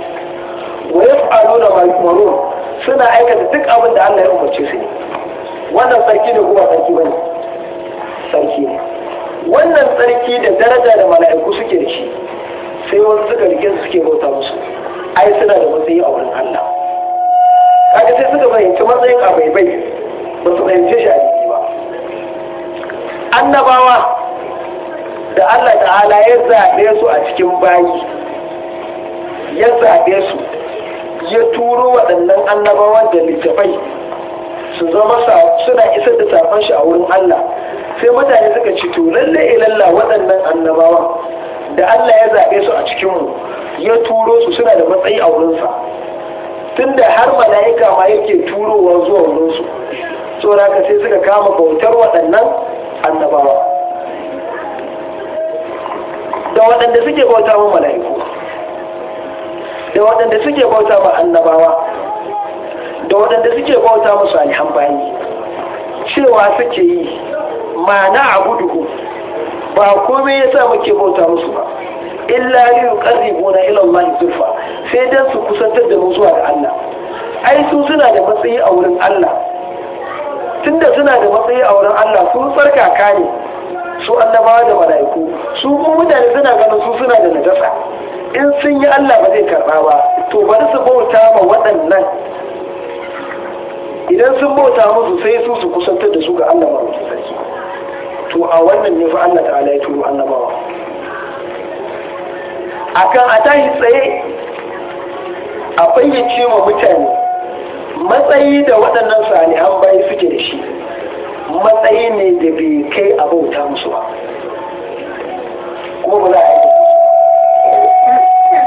wa ya fa'alo da mara'iku suna aikata duk abin da Allah ya umarce su ne wannan sarki ne kuma sarki bane sarki ne wannan sarki da daraja da mala'iku suke da shi sai wani suka rike su suke bauta musu ai suna da matsayi a wurin Allah kaga sai suka fahimci matsayin abai bai ba su fahimce shi a jiki ba annabawa da Allah ta'ala ya zaɓe su a cikin bayi ya zaɓe su ya turo waɗannan annabawan da littafai su zama suna isar da safon shi a wurin Allah sai mutane suka ci to lallai ilalla eh, waɗannan annabawan da Allah ya zaɓe su a cikinmu ya turo su suna da matsayi a wurinsa tunda har mala'ika ma yake turowa zuwa wurinsu saboda sai suka kama bautar waɗannan annabawa da waɗanda suke bautar mala'iku da waɗanda suke bauta ma annabawa da waɗanda suke bauta musu alhan bayi cewa suke yi mana a ku? ba komai ya sa muke bauta musu ba illa yi ƙarribu ilon ilallah zurfa sai don su kusantar da musu zuwa da Allah ai su suna da matsayi a wurin Allah tunda suna da matsayi a wurin Allah sun tsarkaka ne su annabawa da mala'iku su mutane suna ganin su suna da najasa in sun yi Allah ba zai karɓa ba to bari su bauta ma waɗannan idan sun bauta musu sai su su kusantar da su ga Allah ba sarki to a wannan ne fa Allah ta'ala ya turo annabawa akan a tashi tsaye a fayyace wa mutane matsayi da waɗannan salihan bayi suke da shi matsayi ne da bai kai a bauta musu ba kuma ba za a yi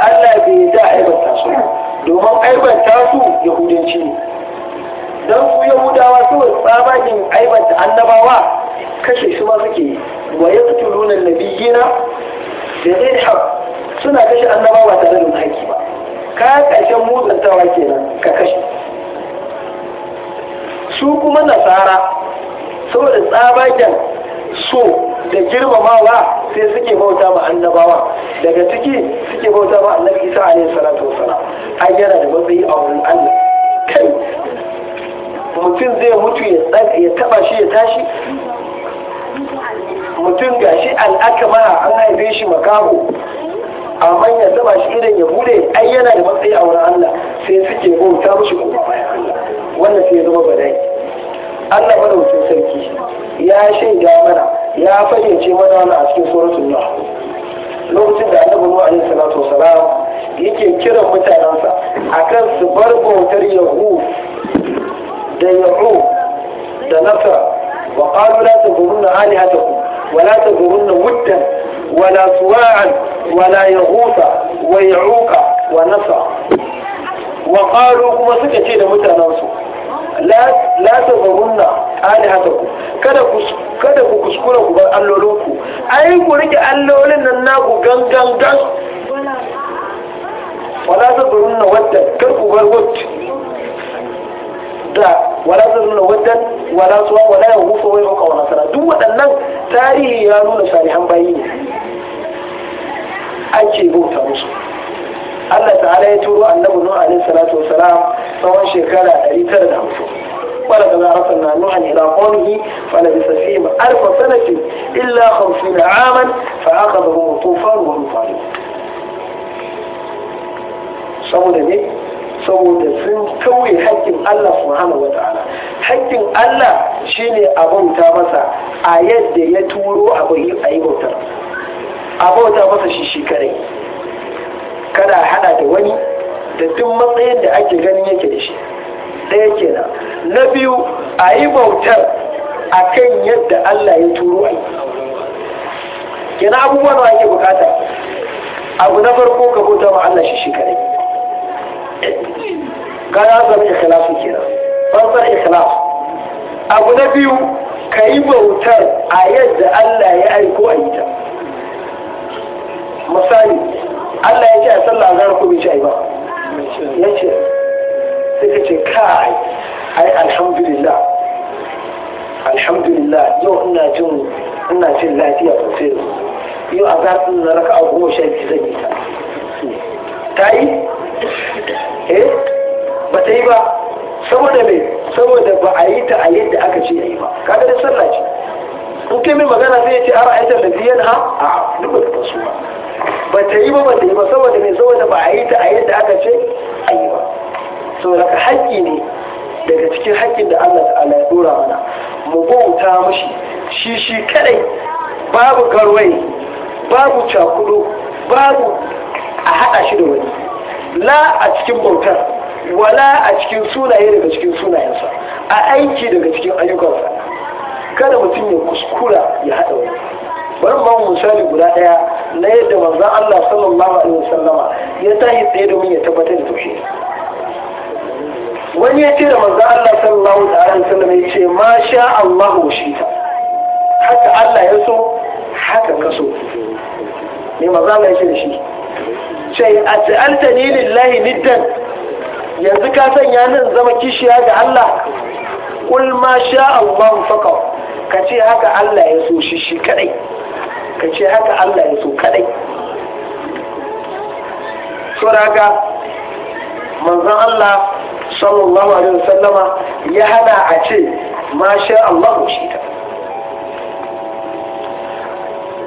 Allah bai da aibanta su domin aibanta su yahudanci ne don su yahudawa saboda aibar aibanta annabawa kashe su ma suke wa ya fito nuna nabiyina da zai hab suna kashe annabawa ta zanen haƙi ba ka ƙarshen mutuntawa kenan ka kashe su kuma nasara saboda tsabagen so da girmamawa sai suke bauta ma annabawa daga ciki suke bauta ma annabi isa alaihi salatu wasalam ai yana da matsayi a wurin allah kai mutum zai mutu ya taba shi ya tashi mutum ga shi al'akamara an haife shi makaho amma ya taba shi idan ya bude ai yana da matsayi a wurin allah sai suke bauta mushi kuma bayan allah wannan sai ya zama badai Allah madaukakin sarki ya shaida mana ya fayyace mana wani a cikin suratul nuh lokacin da annabi nuh alaihi salatu wasalam yake kiran mutanensa akan su bar bautar yahu da yahu da nasara wa qalu la tadhurunna alihatakum wa la tadhurunna wuddan wa la suwa'an wa la yahusa wa yauka wa nasara wa qalu kuma suka ce da mutanensu la ta kada ku kada ku kuskura ku bar allolinku ai ku rike allolin nan naku gangan gan wala ta zarunna wadda kar ku bar wadda da wala ta zarunna wadda wala suwa wala ya hufa wai haka wala duk waɗannan tarihi ya nuna salihan bayi ne ake bauta musu Allah ala ya turo annabi Nuh alayhi salatu wasalam tsawon shekara 950 ولقد أرسلنا نوحا إلى قومه فلبث فيهم ألف سنة إلا خمسين عاما فأخذهم الطوفان wa ظالمون saboda ne saboda sun kawai haƙƙin Allah subhanahu wa ta'ala haƙƙin Allah shine abun ta masa a yadda ya turo a yi bautar a bauta masa shi shi kare kada hada da wani da duk matsayin da ake ganin yake da shi ɗaya kenan na biyu a yi bautar a kan yadda Allah ya turo a yi abubuwan da ake bukata abu na farko ka bauta ma Allah shi shi kadai kana zama ikhlasu kenan fansar ikhlas abu na biyu ka yi bautar a yadda Allah ya aiko a yi ta misali Allah ya ce a sallah a gara ko bai ce ba ya ce sai ka ce kai ai alhamdulillah alhamdulillah yau ina jin ina jin lafiya sosai yau a zaɓin na raka a goma sha biyu zan yi ta ta yi eh ba ta yi ba saboda me saboda ba a yi ta a yadda aka ce ya yi ba kaga da sallah ce in kai min magana sai ya ce a aita da biyan ha a duk da ta ba ba ta yi ba ba ta yi ba saboda mai saboda ba a yi ta a yadda aka ce a yi ba saboda ka haƙƙi ne daga cikin haƙƙin da Allah ta'ala ya dora mana mu bauta mushi shi shi kadai babu garwai babu cakudu babu a haɗa shi da wani la a cikin bautar wala a cikin sunaye daga cikin sunayensa a aiki daga cikin ayyukansa kada mutum ya kuskura ya haɗa wani bari ba mu misali guda daya na yadda manzon Allah sallallahu alaihi wasallama ya tashi tsaye domin ya tabbatar da tauhid wani ya ce da manzon Allah sallallahu alaihi wasallam ya ce ma sha Allah shi ta haka Allah ya so haka ka so ne manzon Allah ya ce da shi sai a ta'altani lillahi niddan yanzu ka sanya nan zama kishiya ga Allah kul ma sha Allah faqat ka ce haka Allah ya so shi shi kadai ka ce haka Allah ya so kadai saboda manzan Allah sallallahu alaihi wasallama ya hana a ce mashi Allah shi ta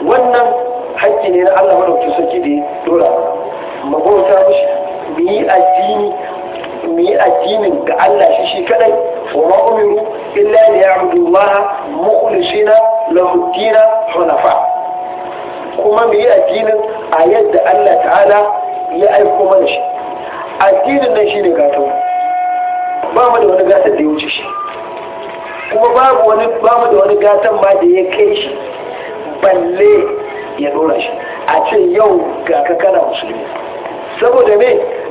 wannan haƙƙi ne na Allah madaukakin sarki da ya dora mu bauta mu yi addini mu yi addinin ga Allah shi shi kadai wa ma umiru illa li ya'budu Allah mukhlishina lahu ad-din hunafa kuma mu yi addinin a yadda Allah ta'ala ya aiko mana shi addinin nan shi ne gato ba mu da wani gatan da ya wuce shi kuma babu wani ba mu da wani gatan ma da ya kai shi balle ya nuna shi a ce yau ga kakana kana musulmi saboda me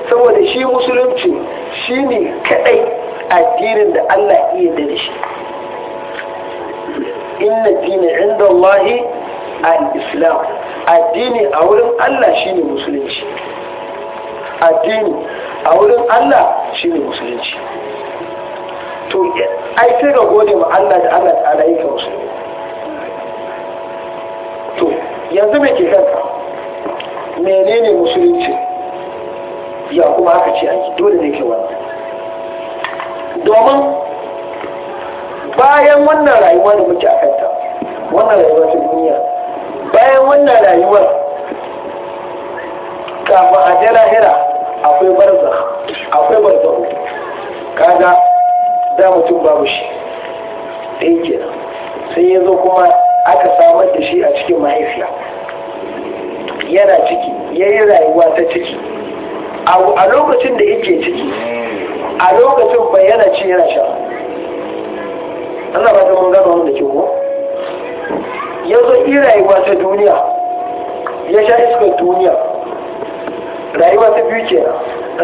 saboda shi musulunci shi ne kadai addinin da Allah iya da shi inna dini inda Allahi al-islam addini a wurin Allah shine musulunci addini a wurin Allah shine musulunci to ai sai ga gode ma Allah da Allah ta'ala yake musulunci to yanzu mai ke kanka menene musulunci ya kuma haka ce aiki dole ne ke wannan domin bayan wannan rayuwa da muke a kanta wannan rayuwa ta duniya bayan wannan rayuwa kafin a je lahira akwai barza akwai barza kaga da mutum babu shi ɗaya kenan sai ya zo kuma aka samar da shi a cikin mahaifiya yana ciki ya yi rayuwa ta ciki a lokacin da yake ciki a lokacin bayyana yana ci yana sha Allah ta mun gano wanda ke ko ya zo yi rayuwa ta duniya ya sha iskar duniya rayuwa ta biyu ke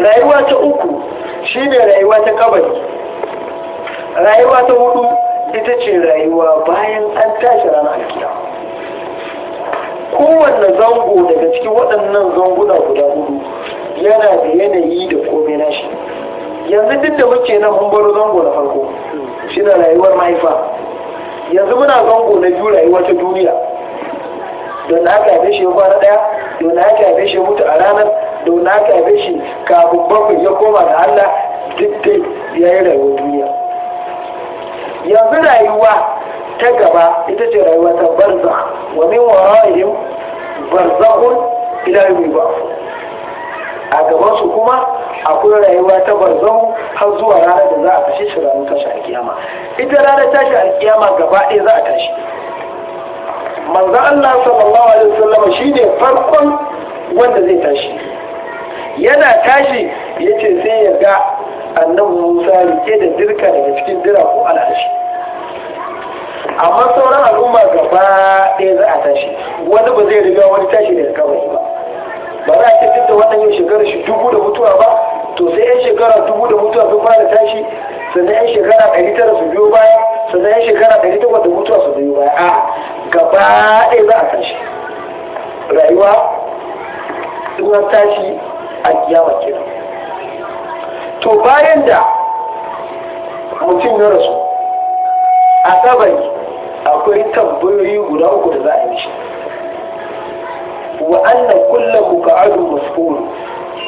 rayuwa ta uku shine rayuwa ta kabari rayuwa ta hudu ita ce rayuwa bayan an tashi ranar alkiya kowanne zango daga cikin waɗannan zanguna guda hudu yana da yanayi da komai nashi yanzu duk da muke nan mun baro zango na farko shi na rayuwar mahaifa yanzu muna zango na biyu rayuwa ta duniya don aka haife shi ya kwana ɗaya don aka haife shi ya mutu a ranar don aka haife shi kafin bakwai ya koma da allah duk da ya yi rayuwar duniya yanzu rayuwa ta gaba ita ce rayuwa ta barza wa min wara'ihim barzakun ila yawmi a gabansu kuma akwai rayuwa ta barzan har zuwa ranar da za a tashi shi ranar tashi alkiyama ita ranar tashi alkiyama gaba ɗaya za a tashi manzo Allah sallallahu alaihi wasallam shine farkon wanda zai tashi yana tashi ya ce sai ya ga annabu musa rike da dirka daga cikin dira ko al'ashi amma sauran al'umma gaba ɗaya za a tashi wani ba zai riga wani tashi daga kabari ba ba za a ce duk da wannan yin shekarar shi dubu da mutuwa ba to sai yan shekara dubu da mutuwa sun fara tashi sannan yan shekara ɗari tara su biyo baya sannan yan shekara ɗari takwas da mutuwa su biyo baya a gaba ɗaya za a tashi rayuwa in tashi alkiyama ke to bayan da mutum ya rasu a kabari akwai tambayoyi guda uku da za a yi shi wa annan kullum muka'adu mas'ul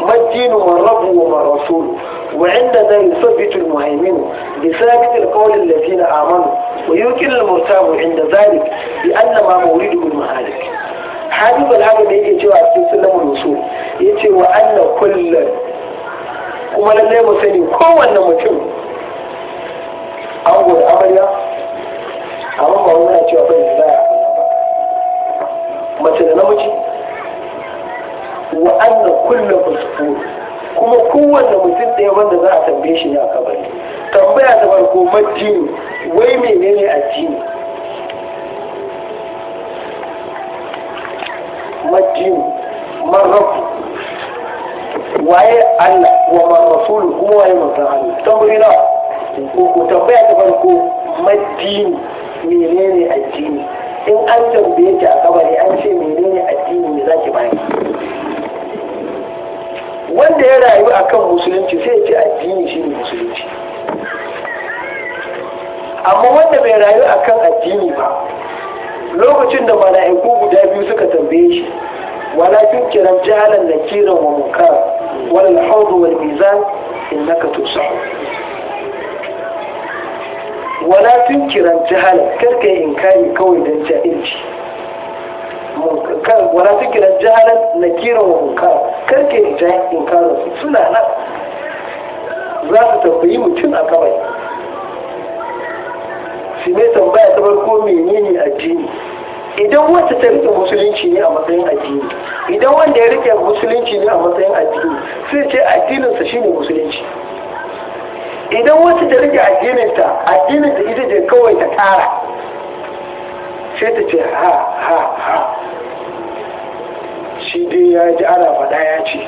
majinu marrabu wa marrasul وعندنا يثبت المهيمن بثابت القول الذين آمنوا ويمكن المرتاب عند ذلك بأن ما مورده المهالك hali balaga da yake cewa a cikin sunan rusu ya ce wa anna kullum kuma lallai mu sani kowanne mutum an gode amarya amma ba muna cewa ba da za mace da namiji wa anna kullum musfu kuma kowanne mutum ɗaya wanda za a tambaye shi ne a kabari tambaya ta farko majini wai menene addini majiyu marrafu waye Allah wa man rasulu kuma waye manzon Ta tambayi na ko tambaya ta farko madini menene addini in an tambaye ki a kabari an ce menene addini za ki bayani wanda ya rayu akan musulunci sai ya ce addini shi ne musulunci amma wanda bai rayu akan addini ba lokacin da mala'iku guda biyu suka tambaye shi ولا تنكرا جهلا نكيرا ومنكرا ولا الحوض والميزان إنك تمسح ولا تنكرا جهلا كرك إنكاري كوي دن جائلتي ولا تنكرا جهلا نكيرا ومنكرا كرك إنكارا سنة لا za su tambayi mutum a kawai shi mai tambaya ta farko menene addini idan wata ta rike musulunci ne a matsayin addini idan wanda ya rike musulunci ne a matsayin addini sai ce addininsa shine musulunci idan wata ta rike addininta addininta ita ce kawai ta kara sai ta ce ha ha ha shi dai ya ji ana faɗa ya ce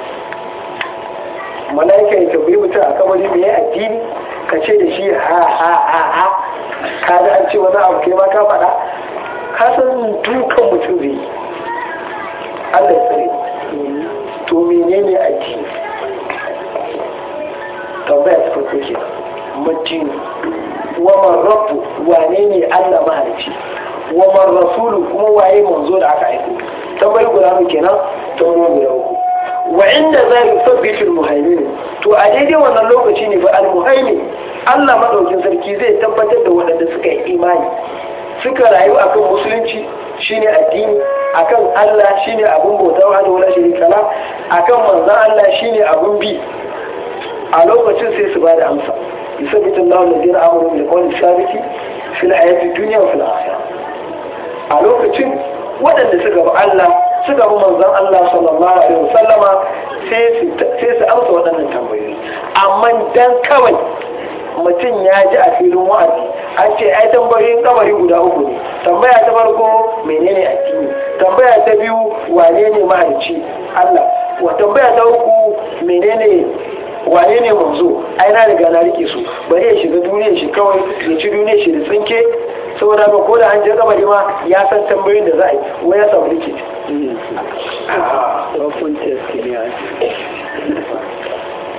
malaika ya tambayi mutum a kamari mai addini ka ce da shi ha ha ha ha ka an ce wani abu kai ma ka faɗa kasan dukan mutum zai yi. Allah tsare to menene addini tambaya ta farko ke mutum wa man rabbu wane ne Allah mahalici wa man kuma waye manzo da aka aiko tambayi guda mu kenan tambayi guda uku wa inda za yi sabbitu muhaimin to a daidai wannan lokaci ne ba al-muhaimin Allah madaukin sarki zai tabbatar da waɗanda suka yi imani suka rayu akan musulunci shine addini akan Allah shine abun bauta wa da shirin kala a akan manzan Allah shine abun bi a lokacin sai su bada amsa isa yusabbitu da alladhina amurin bil qawli sabiti fil hayati duniya wa fil asa a lokacin waɗanda suka bi Allah suka bi manzan Allah sallallahu alaihi wasallama sai su amsa waɗannan tambayoyi amma dan kawai mutum ya ji a filin wa'azi an ce ai tambayoyin kabari guda uku ne tambaya ta farko menene addini tambaya ta biyu wane ne ma'aici? Allah wa tambaya ta uku menene wane ne manzo ai na riga na rike su bari ya shiga duniya shi kawai ya ci duniya shi da tsinke saboda ba ko da an je kabari ma ya san tambayoyin da za a yi wa ya samu rike hmm. ah,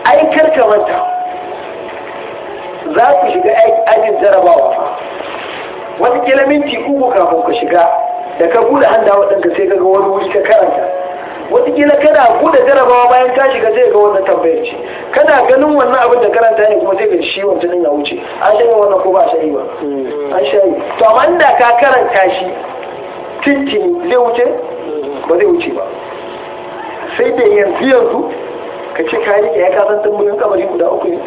ai karka manta za ku shiga ajin jarabawa wani minti uku kafin ku shiga da ka buɗe handa waɗanka sai kaga wani wuri ka karanta watakila kana buɗe jarabawa bayan ka shiga zai ga wannan tambayar ce kana ganin wannan abin da karanta ne kuma zai ga shi wancan ya wuce an shayi wannan ko ba a shayi ba hmm. an shayi to amma inda ka karanta shi tintin zai wuce ba zai wuce ba sai da yanzu yanzu ka ce kayan ya kasan tambayoyin kamar guda uku ne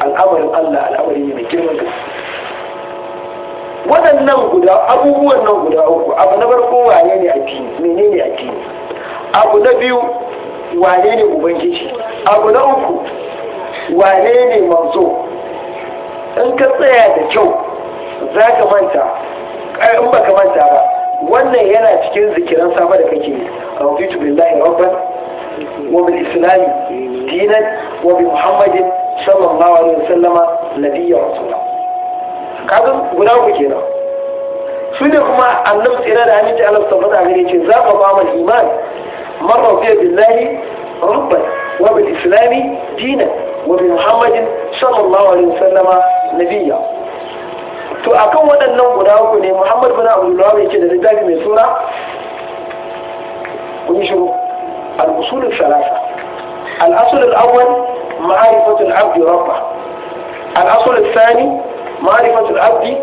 al'amarin Allah al'amari ne mai girman waɗannan guda abubuwan nan guda uku abu na farko wane ne addini menene addini abu na biyu wane ne ubangiji abu na uku wane ne manzo in ka tsaya da kyau za ka manta in ba ka manta ba wannan yana cikin zikiran sama da kake yi وبالإسلام دينا وبمحمد صلى الله عليه وسلم نبي رسولا kaga guda uku kenan su ne kuma annabi tsira da aminci Allah tabbata a gare ce za ka ba iman marra bi billahi rabban wa bil islami dinan wa bi muhammadin sallallahu alaihi wasallama nabiyya to akan waɗannan guda uku ne muhammad bin abdullahi da littafi mai sura kun yi الاصول الثلاثه الاصل الاول معرفه العبد ربه الاصل الثاني معرفه العبد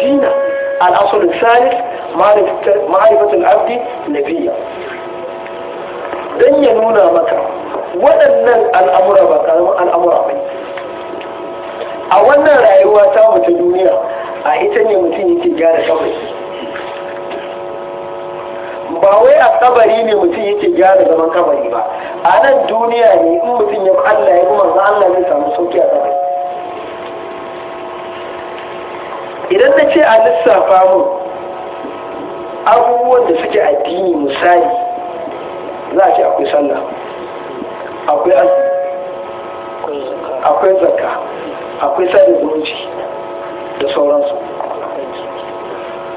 دينه الاصل الثالث معرفه العبد نبيه دنيا نونا مكر ودنا الامر بك الامر بك a wannan rayuwa ta mutu duniya a ita ba wai a kabari ne mutum yake gyara zaman kabari ba a nan duniya ne in mutum ya Allah ya kuma Allah zai samu sauki a kabari idan na ce a lissafa mu abubuwan da suke addini misali za a ce akwai sallah akwai azumi akwai zakka akwai sadin zumunci da sauransu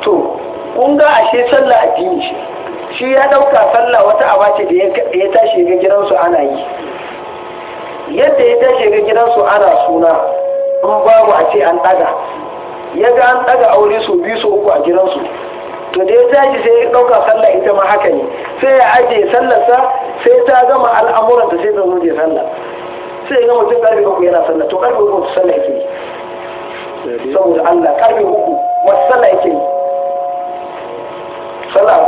to kun ga ashe sallah addini shi shi ya dauka sallah wata aba ce da ya tashi ga gidansu ana yi yadda ya tashi ga gidansu ana suna in babu a ce an daga ya ga an daga aure su biyu su uku a gidansu to da ya tashi sai ya dauka sallah ita ma haka ne sai ya ajiye sallarsa sai ta gama al'amuran ta sai ta zo je sallah sai ga mutum karfe uku yana sallah to karfe uku sallah yake saboda Allah karfe uku wasu sallah yake yi sallah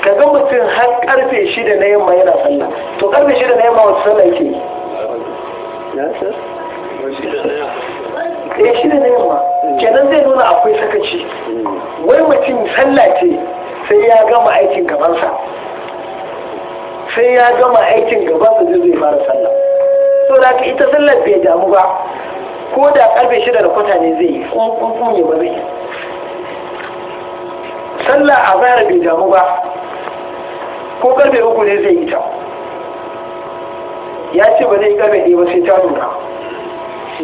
ka ga mutum har karfe shida na yamma yana sallah to karfe shida na yamma wasu sallah yake ya eh, shida na yamma kenan zai nuna akwai sakaci wai mutum sallah ce sai ya gama aikin gabansa sai ya gama aikin gabansa zai zai fara sallah so da ita sallah bai damu ba ko da karfe shida da kwata ne zai yi kun ne ba zai yi sallah a zahar bai damu ba ko karfe uku ne zai yi ta ya ce ba zai karfe ɗaya ba sai ta nuna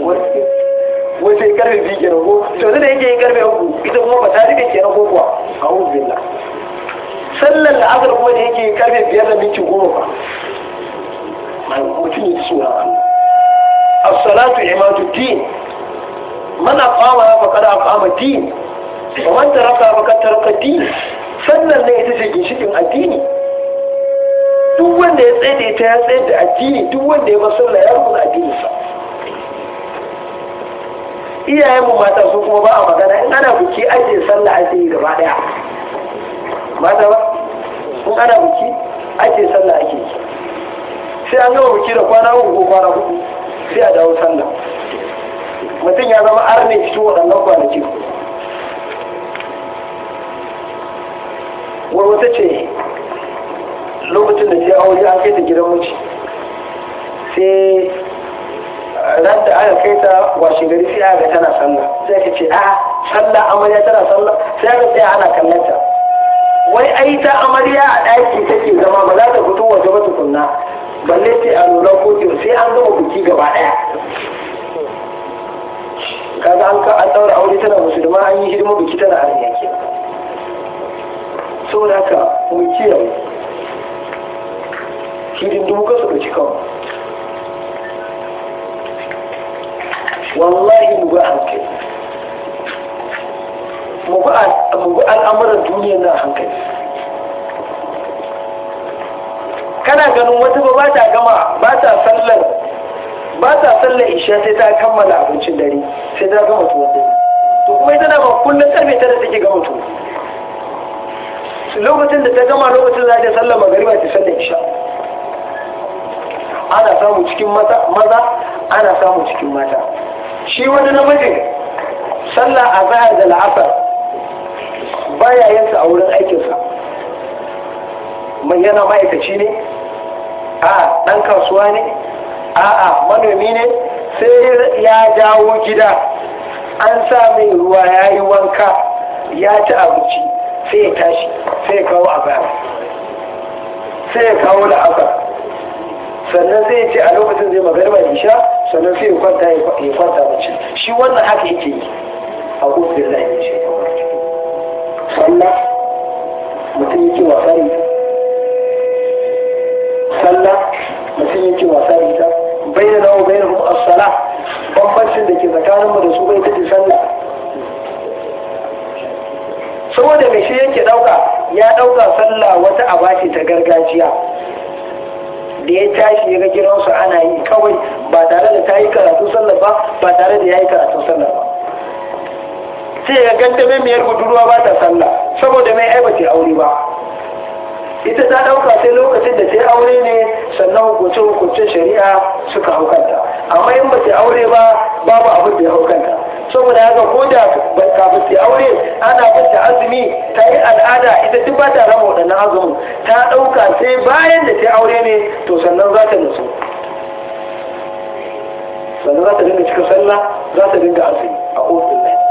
wata yi karfe biyu kenan ko to da yake yi karfe uku ita kuma ba ta rike kenan ko kuwa a da sallan da azar kuma da yake yi karfe biyar da minti goma ba mutum ya ci suna as-salatu imadu din mana fama ya faƙa da fama din ومن ترك مكتر قديم sannan ne ita ce ginshikin addini duk wanda ya tsaye da ita ya tsaye da addini duk wanda ya masalla ya rubuta addininsa iyayen mu mata su kuma ba a magana in ana buki ajiye sallah ajiye gaba daya mata ba in ana buki ajiye sallah ake yi sai an gama buki da kwana uku ko kwana hudu sai a dawo sanda mutum ya zama arne cikin waɗannan kwanaki wani wata ce lokacin da sai aure an kai ta gidan mace sai ran da aka kai ta washe gari sai aka tana sallah sai aka ce a ah, sallah amarya tana sallah sai aka tsaya ana kallon ta wai ai ta amarya a ɗaki take zama ba za ta fito waje ba tukunna balle sai a lura ko sai an gama buki gaba daya kaga an ka an aure tana musulma an yi hidima buki tana arniya ke saboda haka mu kiyaye hidin dubu kasu da cikin wallahi mu ga hankali mu ga al'amuran duniya na hankali kana ganin wata ba ba ta gama ba ta sallar ba ta sallar isha sai ta kammala abincin dare sai ta gama tuwon dare to kuma ita na ba kullum karfe tara take gama tuwo lokacin da ta gama lokacin za ta sallar magariba ta sallar isha ana samu cikin maza ana samu cikin mata shi wani namijin sallah a zahar da la'asar baya ya sa a wurin aikinsa Mun yana ma'aikaci ne a ɗan kasuwa ne a'a manomi ne sai ya jawo gida an sa mai ruwa ya yi wanka ya ci abinci sai ya tashi sai ya kawo abar sai ya kawo da abar sannan zai ce a lokacin zai magarba ya sha sannan sai ya kwanta ya kwanta bacci shi wannan haka yake yi a gudun da ya ce sallah mutum yake wasa ne sallah mutum yake wasa da ita bayyana bai bayyana kuma asala sala bambancin da ke tsakanin mu da su bai kaji sallah saboda mai shi yake dauka ya dauka sallah wata abaci ta gargajiya da ya tashi ya ga gidansu ana yi kawai ba tare da ta yi karatu sallah ba ba tare da ya yi karatu sallah ba sai ya ganta mai miyar budurwa ba ta sallah saboda mai aibace aure ba ita ta ɗauka sai lokacin da ta yi aure ne sannan hukunce hukunce shari'a suka haukanta amma in ba ta aure ba babu abin da ya haukanta saboda haka ko da kafin ta aure ana ta azumi ta yi al'ada ita duk ba ta rama waɗannan azumin ta ɗauka sai bayan da ta aure ne to sannan za ta nutsu sannan za ta dinga cikin sallah za ta dinga azumi a ofin nan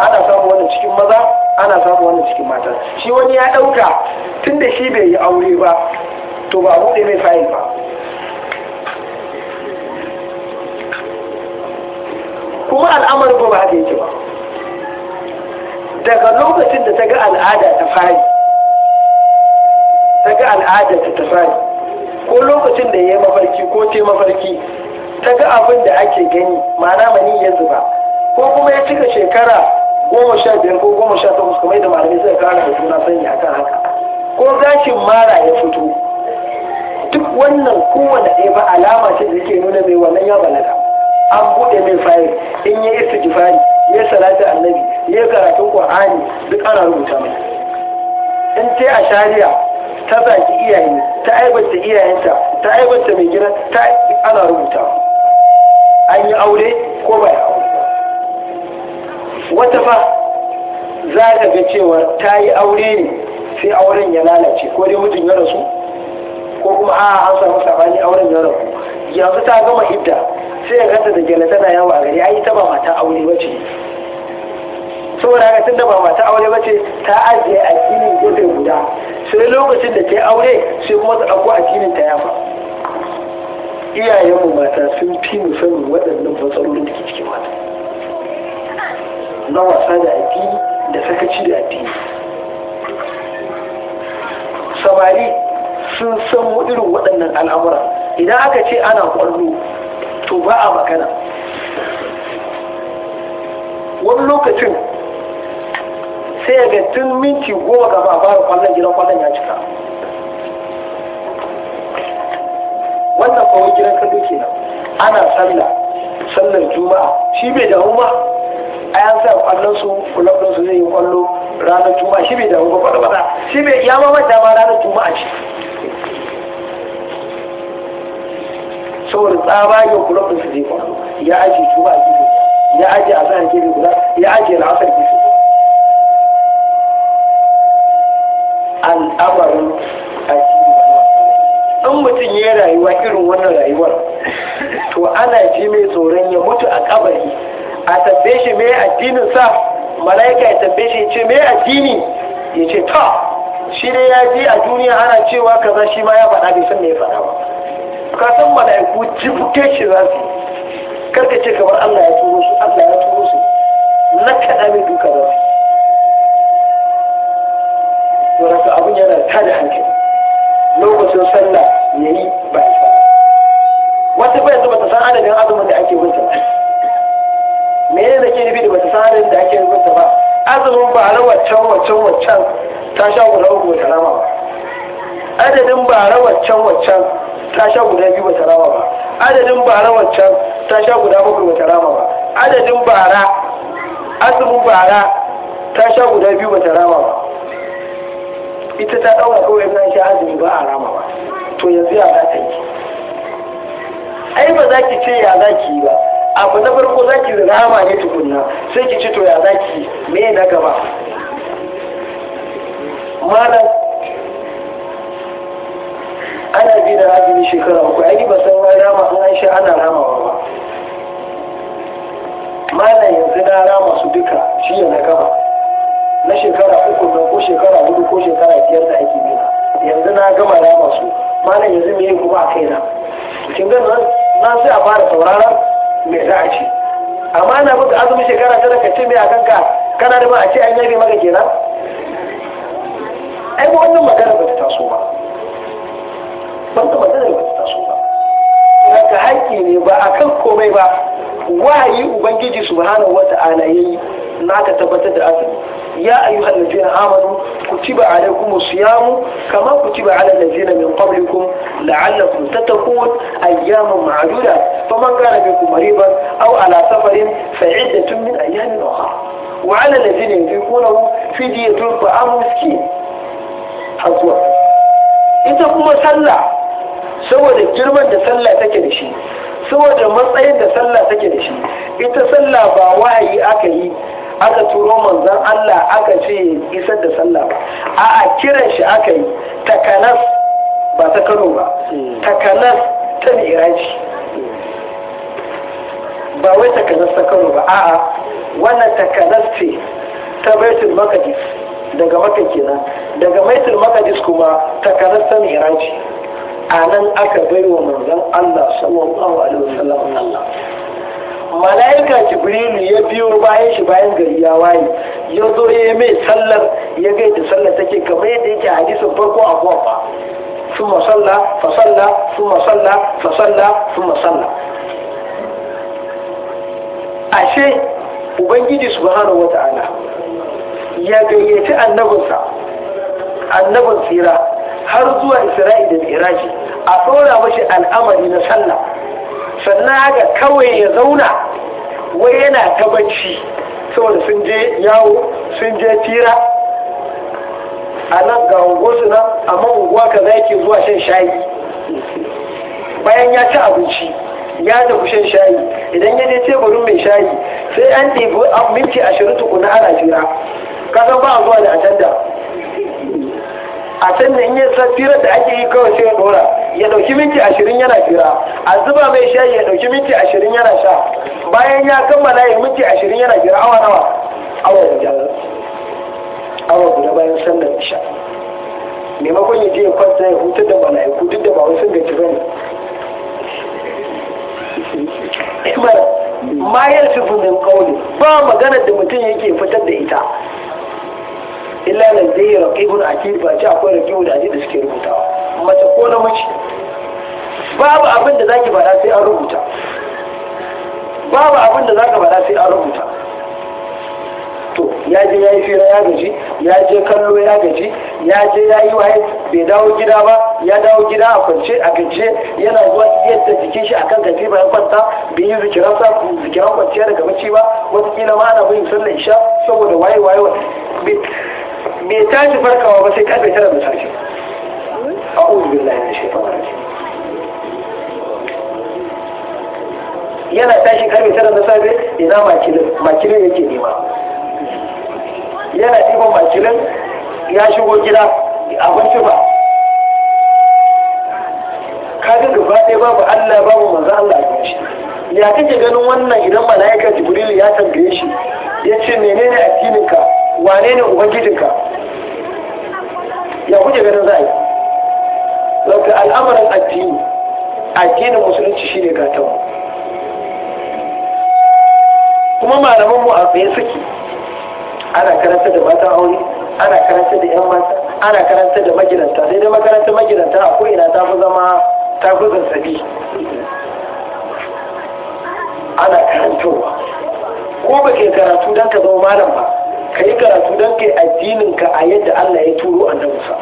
ana samu wannan cikin maza ana samu wannan cikin mata shi wani ya ɗauka tun da shi bai yi aure ba to ba a buɗe mai fayil ba kuma al'amarin ba ba haka yake ba daga lokacin da ta ga al'ada ta fari ta ga al'ada ta ta fari ko lokacin da ya yi mafarki ko te mafarki ta ga abin da ake gani ma'ana mani ya zuba ko kuma ya cika shekara goma sha biyar ko goma sha takwas kamar yadda malamai suka kara da suna sanya a kan haka ko gashin mara ya fito duk wannan kowane ɗaya ba alama ce da yake nuna mai wannan ya balaga an buɗe mai fayil in ya isa jifani ya salatu annabi ya karatun qur'ani duk ana rubuta mai in ce a shari'a ta zaki iyaye ta aibata iyayenta ta aibata mai gida ta ana rubuta an yi aure ko bai wata fa za ka ga cewa ta yi aure ne sai auren ya lalace ko dai mutum ya rasu ko kuma a an samu sabani auren ya rasu yanzu ta gama idda sai ya gata da gyalata tana yawa a gari ai ta ba mata aure wace ce saboda haka tunda ba mata aure wace ta ajiye a addinin gefe guda sai lokacin da ta aure sai kuma ta ɗauko addinin ta yafa iyayenmu mata sun fi musamman waɗannan matsalolin da ke cikin mata na wasa da addini da sakaci da addini samari sun san irin waɗannan al'amura idan aka ce ana ƙwallo, to ba a magana wani lokacin sai ya gattun minti goma gaba ba da kwallon gidan kwallon ya cika wannan kawai gidan kallo nan, ana sallah sallar juma'a shi bai damu ba a yan sa kwallon su kulabdon su zai yi kwallo ranar juma'a shi bai dawo ba kwallo ba shi bai ya mamanta ma ranar juma'a ce saboda tsabagen kulabdon su zai kwallo ya aji a gefe ya aji azahar gefe guda ya aji al'asar gefe al'amarin aji in mutum ya rayuwa irin wannan rayuwar to ana ji mai tsoron ya mutu a kabari a tabbe shi me addinin sa malaika ya tabbe shi ce me addini ya ce ta shi ne ya ji a duniya ana cewa kaza shi ma ya faɗa bai san mai ya faɗa ba ka san malaiku jifuke shi za su karka ce kamar Allah ya turo su Allah ya turo su na kaɗa mai duka za su saboda abin yana da hankali lokacin sallah yi ba wata bai zuba ta san adadin azumin da ake wuce me ne ke nufi da bata sanin da ake rubuta ba azumin ba na waccan waccan waccan ta sha guda uku wata rama ba adadin ba waccan waccan ta sha guda biyu wata rama ba adadin ba waccan ta sha guda bakwai wata rama ba adadin bara azumin bara ta sha guda biyu wata rama ba ita ta ɗaura kawai na shi azumi ba a rama ba to yanzu ya za ta yi ai ba za ki ce ya za ki yi ba abu na farko za ki rama ne tukunna sai ki ci to ya za ki me na gaba malam ana bi da azumi shekara uku yi ba san wani rama an an sha ana ramawa ba malam yanzu na rama su duka shi ya na gaba na shekara uku nan ko shekara hudu ko shekara biyar da ake bi yanzu na gama rama su malam yanzu me yi kuma a kaina kin ga nan na sai a fara sauraron Mai za a ci amma ana maka azumin shekara ta ka ce mai a kanka kana da ma a ce an yabe maka kenan ai ba wannan magana ba ta taso ba ban ta magana ba ta taso ba haka haƙƙi ne ba a kan komai ba wayi ubangiji subhanahu wata'ala yayi naka tabbatar da azumi ya ayyuhan ladina amanu kutiba alaykum siyamu kama kutiba ala ladina min qablikum la'allakum tattaqun ayyaman ma'duda faman kana minkum mariban aw ala safarin fa'iddatun min ayyamin ukhra wa ala ladina yunfiqunahu fidyatun ta'amu miskin hazwa ita kuma sallah saboda girman da sallah take da shi saboda matsayin da sallah take da shi ita sallah ba wahayi aka yi aka turo manzon Allah aka ce isar da sallah ba a'a kiran shi aka yi takanas ba ta kano ba takanas ta mi'raji ba wai takanas ta kano ba a'a wannan takanas ce ta baitul maqdis daga makka kenan daga baitul maqdis kuma takanas ta mi'raji a nan aka bai wa manzan Allah sallallahu alaihi wasallam Allah malaika jibrilu ya biyo bayan shi bayan gari ya waye ya zo ya yi mai sallar ya da sallar take kamar yadda yake hadisi farko a kofa ثم صلى فصلى ثم صلى فصلى ثم masalla. ashe ubangiji subhanahu wata'ala ya gayyaci annabinsa annabin tsira har zuwa isra'i da miraji a tsora mashi al'amari na sallah sannan haka kawai ya zauna wai yana ta bacci saboda sun je yawo sun je tira a nan ga unguwarsu nan amma unguwa ka za yake zuwa shan shayi bayan ya ci abinci ya tafi shan shayi idan ya je teburin mai shayi sai an ɗebi minti ashirin tukuna ana jira kasan ba a zuwa da ajanda a can da inye yi fira da ake yi kawai sai ya dora ya dauki minti ashirin yana fira a zuba mai shayi ya dauki minti ashirin yana sha bayan ya kammala ya minti ashirin yana fira awa nawa awa guda awa guda bayan sannan isha maimakon ya je ya kwanta ya hutar da mala'iku duk da ba wasu gaji ba ne ma yarfi min kauli ba magana da mutum yake fitar da ita illa na zai raqibun akid ba ce akwai raƙi da da suke rubutawa mace ko mace babu abin da zaki bada sai an rubuta babu abin da zaka bada sai an rubuta to ya je ya yi fira ya gaji ya je kallo ya gaji ya je ya yi waye bai dawo gida ba ya dawo gida a kwance a gaje yana zuwa yadda jikin shi akan gaji ba ya kwanta bai yi zikiran sa zikiran kwanciya daga mace ba kila ma ana bin sallar isha saboda waye waye bai bai tashi farkawa ba sai karfe tara da safe a'udhu billahi minash shaitanir rajim yana tashi karfe tara na safe ina makilin makilin yake nema yana ɗiban makilin ya shigo gida wancan ba kaga gaba ɗaya babu Allah babu maza Allah ya shi ya kake ganin wannan idan mala'ika Jibril ya tambaye shi ya ce menene addininka wane ne ubangijinka ya kuje ganin za a yi zaka al'amarin addini addinin musulunci shi ne gatan kuma malaman mu a tsaye suke ana karanta da mata aure ana karanta da yan mata ana karanta da magidanta sai dai makaranta magidanta a ko'ina ta fi zama ta fi zazzabi ana karantowa ko ba ke karatu don ka zama malam ba ka yi karatu don kai addinin ka a yadda Allah ya turo a nan sa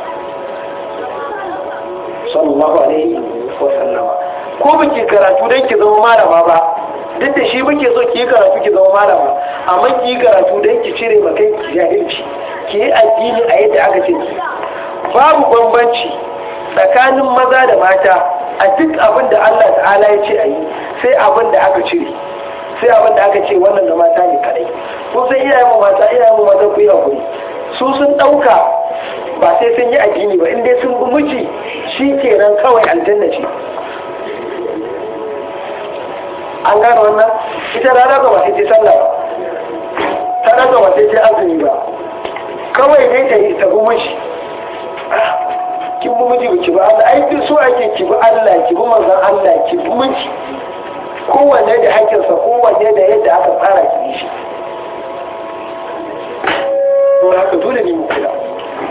sallallahu alaihi wa sallama ko muke karatu don ki zama malama ba duk da shi muke so ki yi karatu ki zama malama amma ki yi karatu don ki cire ma kai ki jahilci ki yi addini a yadda aka ce ki babu bambanci tsakanin maza da mata a duk abin da Allah ta'ala ya ce a yi sai abin da aka cire sai abin da aka ce wannan da mata ne kadai ko sai iyaye mu mata iyaye mu mata ku yi hakuri su sun dauka ba sai sun yi addini ba in dai sun bi miji shi kenan kawai aljanna ce an gano wannan ita rana ga ba sai ta sallah ba ta rana ba sai ta azumi ba kawai dai ta yi ta bi miji kin bi miji ba ki ba Allah ai su ake ki bi Allah ki bi manzon Allah ki bi miji kowanne da haƙƙinsa kowanne da yadda aka tsara shi shi to haka dole ne mu kula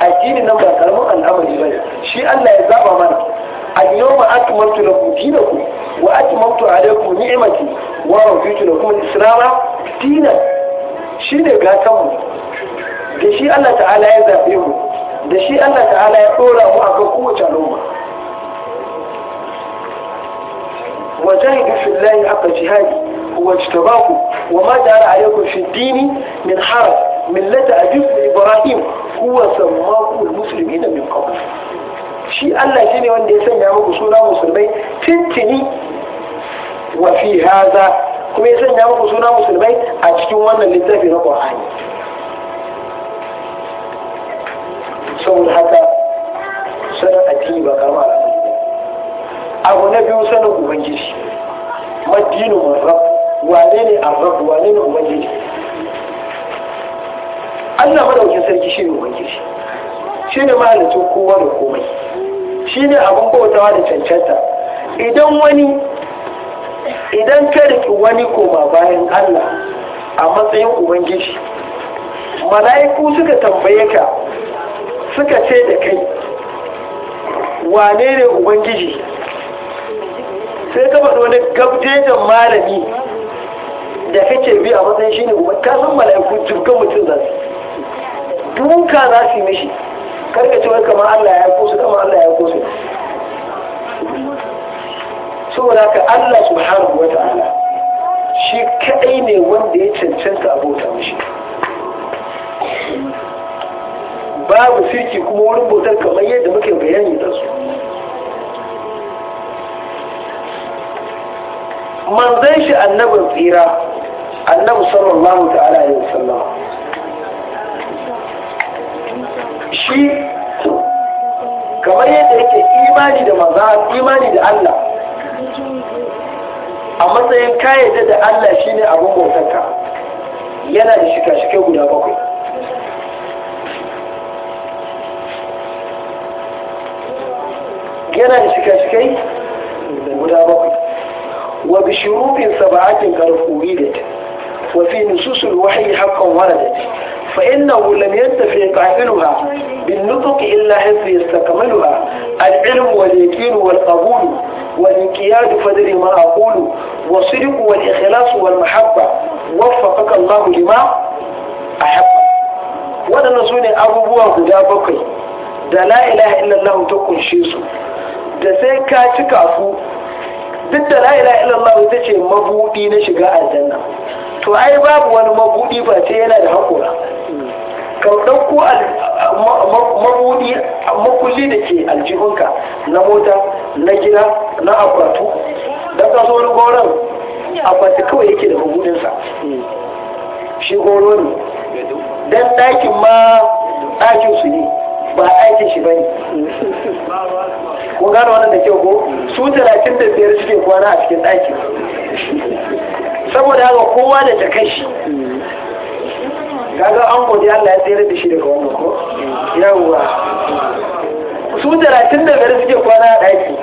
addinin nan ba karamin al'amari ba ne shi Allah ya zaba mana al-yawma akmaltu lakum dinakum wa atmamtu alaykum ni'mati wa raditu lakum al-islam dinan shine gatan mu da shi Allah ta'ala ya zabe mu da shi Allah ta'ala ya dora mu akan kowace al'umma وجاهد في الله حق جهادي هو اجتباكم وما جعل عليكم في الدين من حرب من لدى أجوز إبراهيم هو سماكم المسلمين من قبل شيء الله جيني وان يسمي عمو بسولة مسلمين تنتني وفي هذا كم يسمي عمو بسولة مسلمين أجتم وانا لدى في ربع عاني سوى الحكا سنة أجيبا كمالا abu na biyu sanin ubangiji madinu rab wane ne arab wane ne ubangiji Allah madaukin sarki shi ne ubangiji shi ne mahalicin kowa da komai shi ne abin bautawa da cancanta idan wani idan ka riƙi wani koma bayan Allah a matsayin ubangiji mala'iku suka tambaye ka suka ce da kai wane ne ubangiji sai ka faɗi wani da malami da kake bi a matsayin shi ne ka san mala'iku jirgin mutum za su duka za su yi mishi karka ce wai kama Allah ya kosu kama Allah ya kosu saboda ka Allah subhanahu wa ta'ala shi kaɗai ne wanda ya cancanta abota mishi babu sirki kuma wurin bautar kamar yadda muke bayani da su manzan shi annabin tsira annabi sallallahu ta'ala ya sallama shi kamar yadda yake imani da maza imani da Allah a matsayin kayyade da Allah shine abin bautanka yana da shika-shike guda bakwai yana da shika-shikai guda bakwai وبشروط سبعة كرفويدة وفي نصوص الوحي حقا وردت فإنه لم ينتفي قائلها بالنطق إلا حيث يستكملها العلم واليقين والقبول والانقياد فدري ما أقول والصدق والإخلاص والمحبة وفقك الله لما أحب waɗannan نصون أبو بوا guda بكر da la ilaha illallah ta kunshe su da sai ka duk da la ilaha illallah ita ce mabudi na shiga aljanna to ai babu wani mabudi ba sai yana da hakura ka dauko mabudi makulli da ke aljihunka na mota na gida na akwatu da ka so ni goron akwati kawai yake da mabudinsa shi goro ne dan ɗakin ma ɗakin su ne ba aikin shi bane ko gano wannan da kyau ko su talatin da biyar suke kwana a cikin ɗakin saboda haka kowa da ta kashi kaga an gode Allah ya tsere da shi daga wannan ko yawwa su talatin da biyar suke kwana a ɗakin?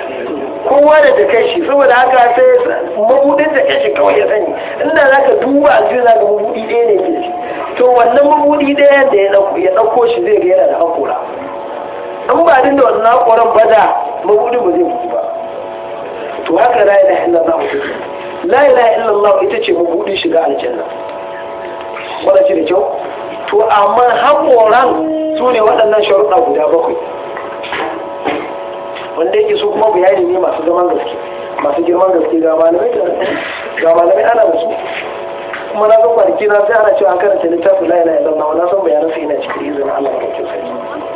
kowa da ta saboda haka sai mabudin da kashi kawai ya sani inda za ka duba a cikin zaka mabudi ɗaya ne ke to wannan mabudi ɗaya da ya ɗauko shi zai ga yana da haƙura in ba da wannan haƙoran ba da mabudin ba zai mutu ba to haka la ilaha illallah la ilaha illallah ita ce mabudin shiga aljanna wanda ce da kyau to amma haƙoran su ne waɗannan sharuɗa guda bakwai wanda yake su kuma bayani ne masu zaman gaske masu girman gaske ga malamai ga malamai ana da su kuma na san kwanaki na sai ana cewa an karanta littafin la ilaha illallah na san bayanan sai ina cikin izinin Allah da kyau sai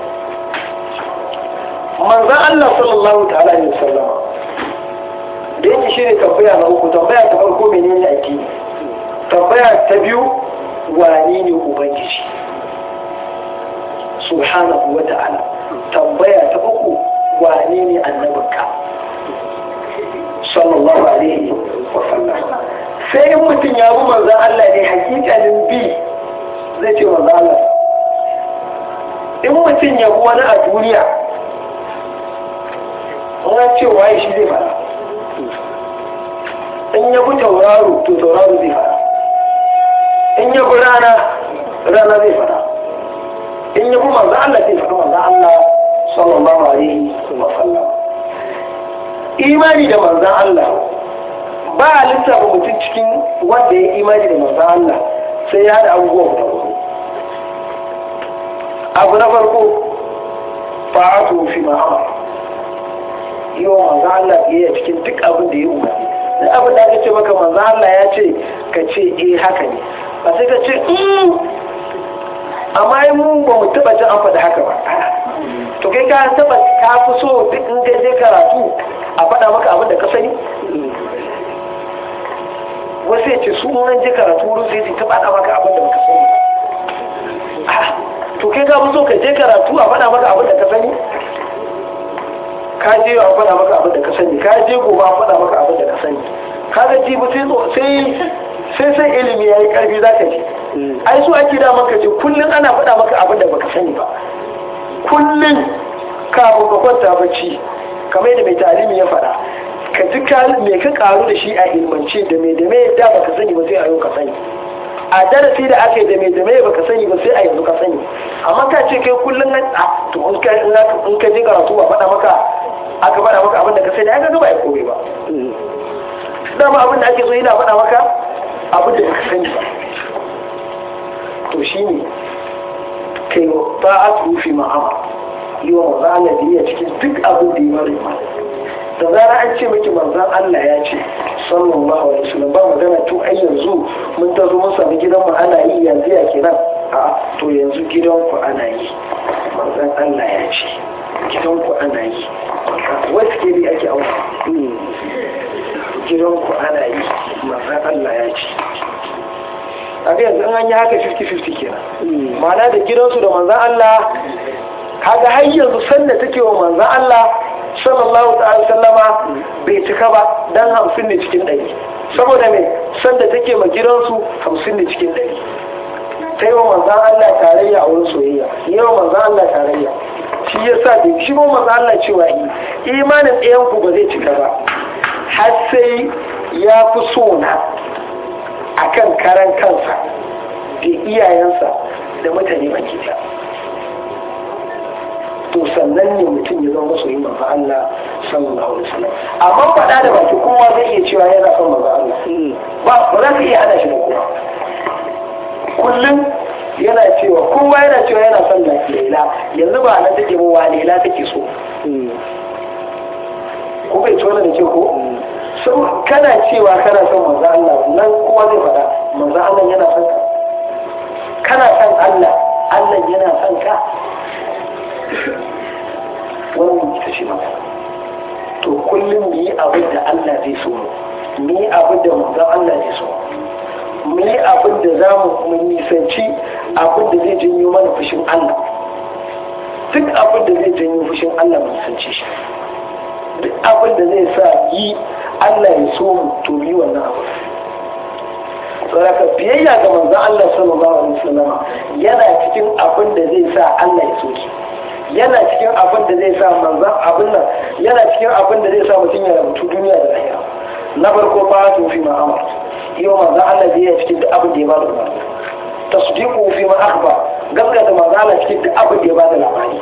manzan Allah sallallahu ta'ala alaihi Sallama, da yake shi ne tambaya na uku tambaya ta farko menene addini tambaya ta biyu wani ne ubangiji subhanahu wa ta'ala tambaya ta uku wani ne annabinka sallallahu alaihi wa sallam sai in mutum ya bi manzan Allah ne hakikalin bi zai ce manzan Allah in mutum ya bi wani a duniya ya ce waye shi zai fara in ya bi tauraro to tauraro zai fara in ya bi rana rana zai fara in ya bi manzo Allah zai fara manzo Allah sallallahu alaihi wa sallam imani da manzo Allah ba a lissafa mutum cikin wanda ya imani da manzo Allah sai ya da abubuwa guda abu na farko fa'atu fi ma'amara yi wa manzo Allah biyayya cikin duk abin da ya umarni duk abin da aka ce maka manzo Allah ya ce ka ce eh haka ne ba sai ka ce mm. amma yi mu ba mu taba jin an faɗi haka ba to kai ka taba ka fi so duk in ka je karatu a faɗa maka abin da ka sani wasu ya ce su nan je karatu wurin sai su taba faɗa maka abin da baka sani to kai ka fi so ka je karatu a faɗa maka abin da ka sani ka je a faɗa maka abin da ka sani ka je gobe a faɗa maka abin da ka sani ka ga sai sai ilimi ya yi ƙarfi za ka ji mm. ai su ake da maka ji kullum ana faɗa maka abin da baka sani ba kullum kafin ka kwanta bacci kamar yadda mai talimi ya faɗa ka ji me ka karu da shi a ilmance da me da me da baka sani ba sai a yau ka sani a darasi da aka yi da mai da mai baka sani ba sai a yanzu ka sani amma ka ce kai kullum ah, na a to in ka je karatu ba faɗa maka aka faɗa maka abin da ka sani aka gaba ya kome ba dama abin da ake so yana faɗa maka abin da ka sani ba to shi ne kai ba a tufi ma'ama yi wa maza na biya cikin duk abin da ya mara yi da zara an ce miki manzan Allah ya ce sallallahu alaihi wasallam ba magana to ai yanzu mun tazo mun sami gidan mu ana yi yanzu ya kenan a to yanzu gidan ku ana yi manzan Allah ya ce gidan ku ana yi wasu ke bi ake auna hmm. gidan ku ana yi manzan Allah ya ce a ga yanzu an yi haka 50-50 kenan hmm. ma'ana da gidansu da manzan Allah kaga har yanzu sanda take wa manzan Allah sallallahu ta'ala sallama bai cika ba dan hamsin ne cikin ɗari saboda mai sanda take ma gidansu hamsin ne cikin ɗari ta yi wa manzan Allah tarayya a wurin soyayya yi wa manzan Allah tarayya shi ya sa da shi ma maza Allah cewa yi imanin ɗayan ku ba zai cika ba har sai ya fi sona kan karan kansa da iyayensa da mutane makita to sannan ne mutum ya zama yi manzo Allah sallallahu alaihi wasallam amma faɗa da baki kowa zai iya cewa yana son manzo Allah hmm. ba ba za ka iya hada shi da kowa kullum yana cewa kowa yana cewa yana son Laila yanzu ba na take wa lela take so hmm. ko bai tona da ke ko hmm. sau kana cewa kana son manzo Allah nan kowa zai faɗa manzo Allah yana son ka kana son Allah Allah yana son ka wannan ita ce mata to kullum mu yi abin da Allah zai so mu yi abin da manzon Allah zai so mu yi abin da za mu nisanci abin da zai janyo mana fushin Allah duk abin da zai janyo fushin Allah mu nisanci shi duk abin da zai sa yi Allah ya so mu to yi wannan abu saboda biyayya ga manzon Allah sallallahu alaihi wasallama yana cikin abin da zai sa Allah ya so ki yana cikin abin da zai sa manzan abin nan yana cikin abin da zai sa mutum ya rubutu duniya da lahira na farko ba su fi ma'amar yau manzan Allah zai yi cikin duk abin da ya ba da umarni tasdiqu fi ma gaskiya da manzan Allah cikin duk abin da ya ba da labari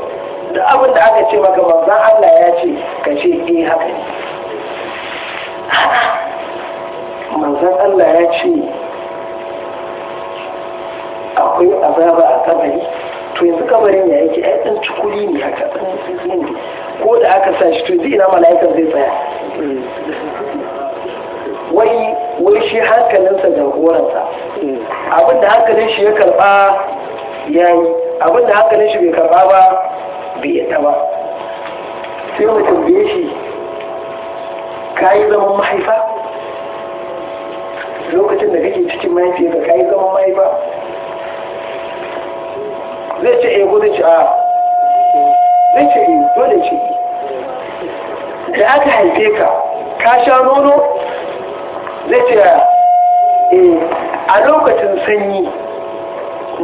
duk abin da aka ce maka manzan Allah ya ce ka ce eh haka ne manzan Allah ya ce akwai azaba a kabari to yanzu kamarin ya yake ai dan cikuri ne haka ko da aka sa shi to yanzu ina mala'ikan zai tsaya wai wai shi hankalinsa da abin abinda hankalin shi ya karba ya yi abinda hankalin shi bai karba ba bai yadda ba sai mutum bai shi ka yi zaman mahaifa lokacin da kake cikin mahaifiyarka ka yi zaman mahaifa zai ce eh ko ce a ah. zai ce eh dole ce da aka haife ka ka sha nono zai ce eh a lokacin sanyi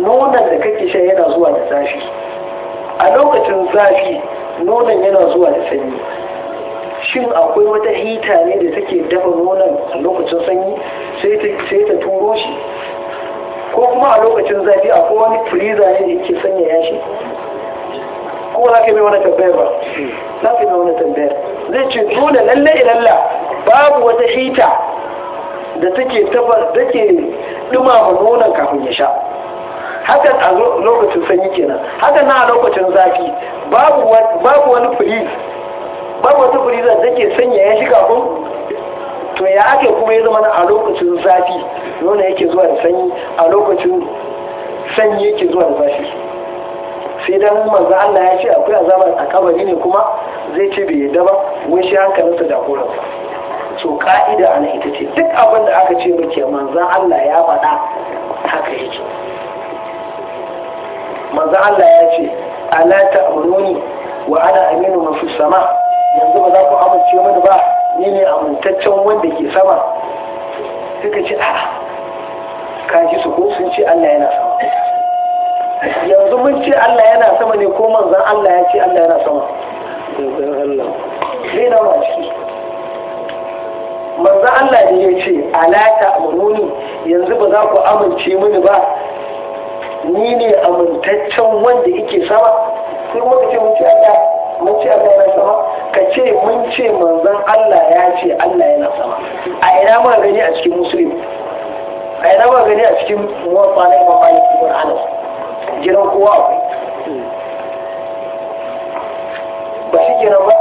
nonon da kake sha yana zuwa da zafi a lokacin zafi nonon yana zuwa da sanyi shin akwai wata hita ne da take dafa nonon a lokacin sanyi sai ta turo shi ko kuma a lokacin zafi a ko wani freezer ne da ke sanya yashi ko za ka yi wani tambayar ba za ka yi wani tambayar zai ce dole lalle ilalla babu wata hita da take tabar duma dumama nonon kafin ya sha hakan a lokacin sanyi kenan hakan na a lokacin zafi babu wani freeze babu wata freezer da ke sanya yashi kafin to ya ake kuma ya zama a lokacin zafi nuna yake zuwa da sanyi a lokacin sanyi yake zuwa da zafi sai dan manzo Allah ya ce akwai azaba a kabari ne kuma zai ce bai yadda ba wai shi hankalinsa da horonsa so ka'ida ana ita ce duk abin da aka ce muke manzan Allah ya faɗa haka yake manzan Allah ya ce ala ta'muruni wa ana aminu masu sama yanzu ba za ku amince mini ba ne ne amintaccen wanda ke sama suka ce a kaji su ko sun ce Allah yana sama yanzu mun ce Allah yana sama ne ko manzan Allah ya ce Allah yana sama zai na ma ciki manzan Allah ne ya ce alaka amuruni yanzu ba za ku amince mini ba ni ne amintaccen wanda yake sama sai muka ce mun ce Allah mun ce Allah yana sama ka ce mun ce manzan Allah ya ce Allah yana sama a ina ma gani a cikin musulun? a ina ma gani a cikin muwafa na imam malik ibn anas gidan kowa akwai ba shi jiran ba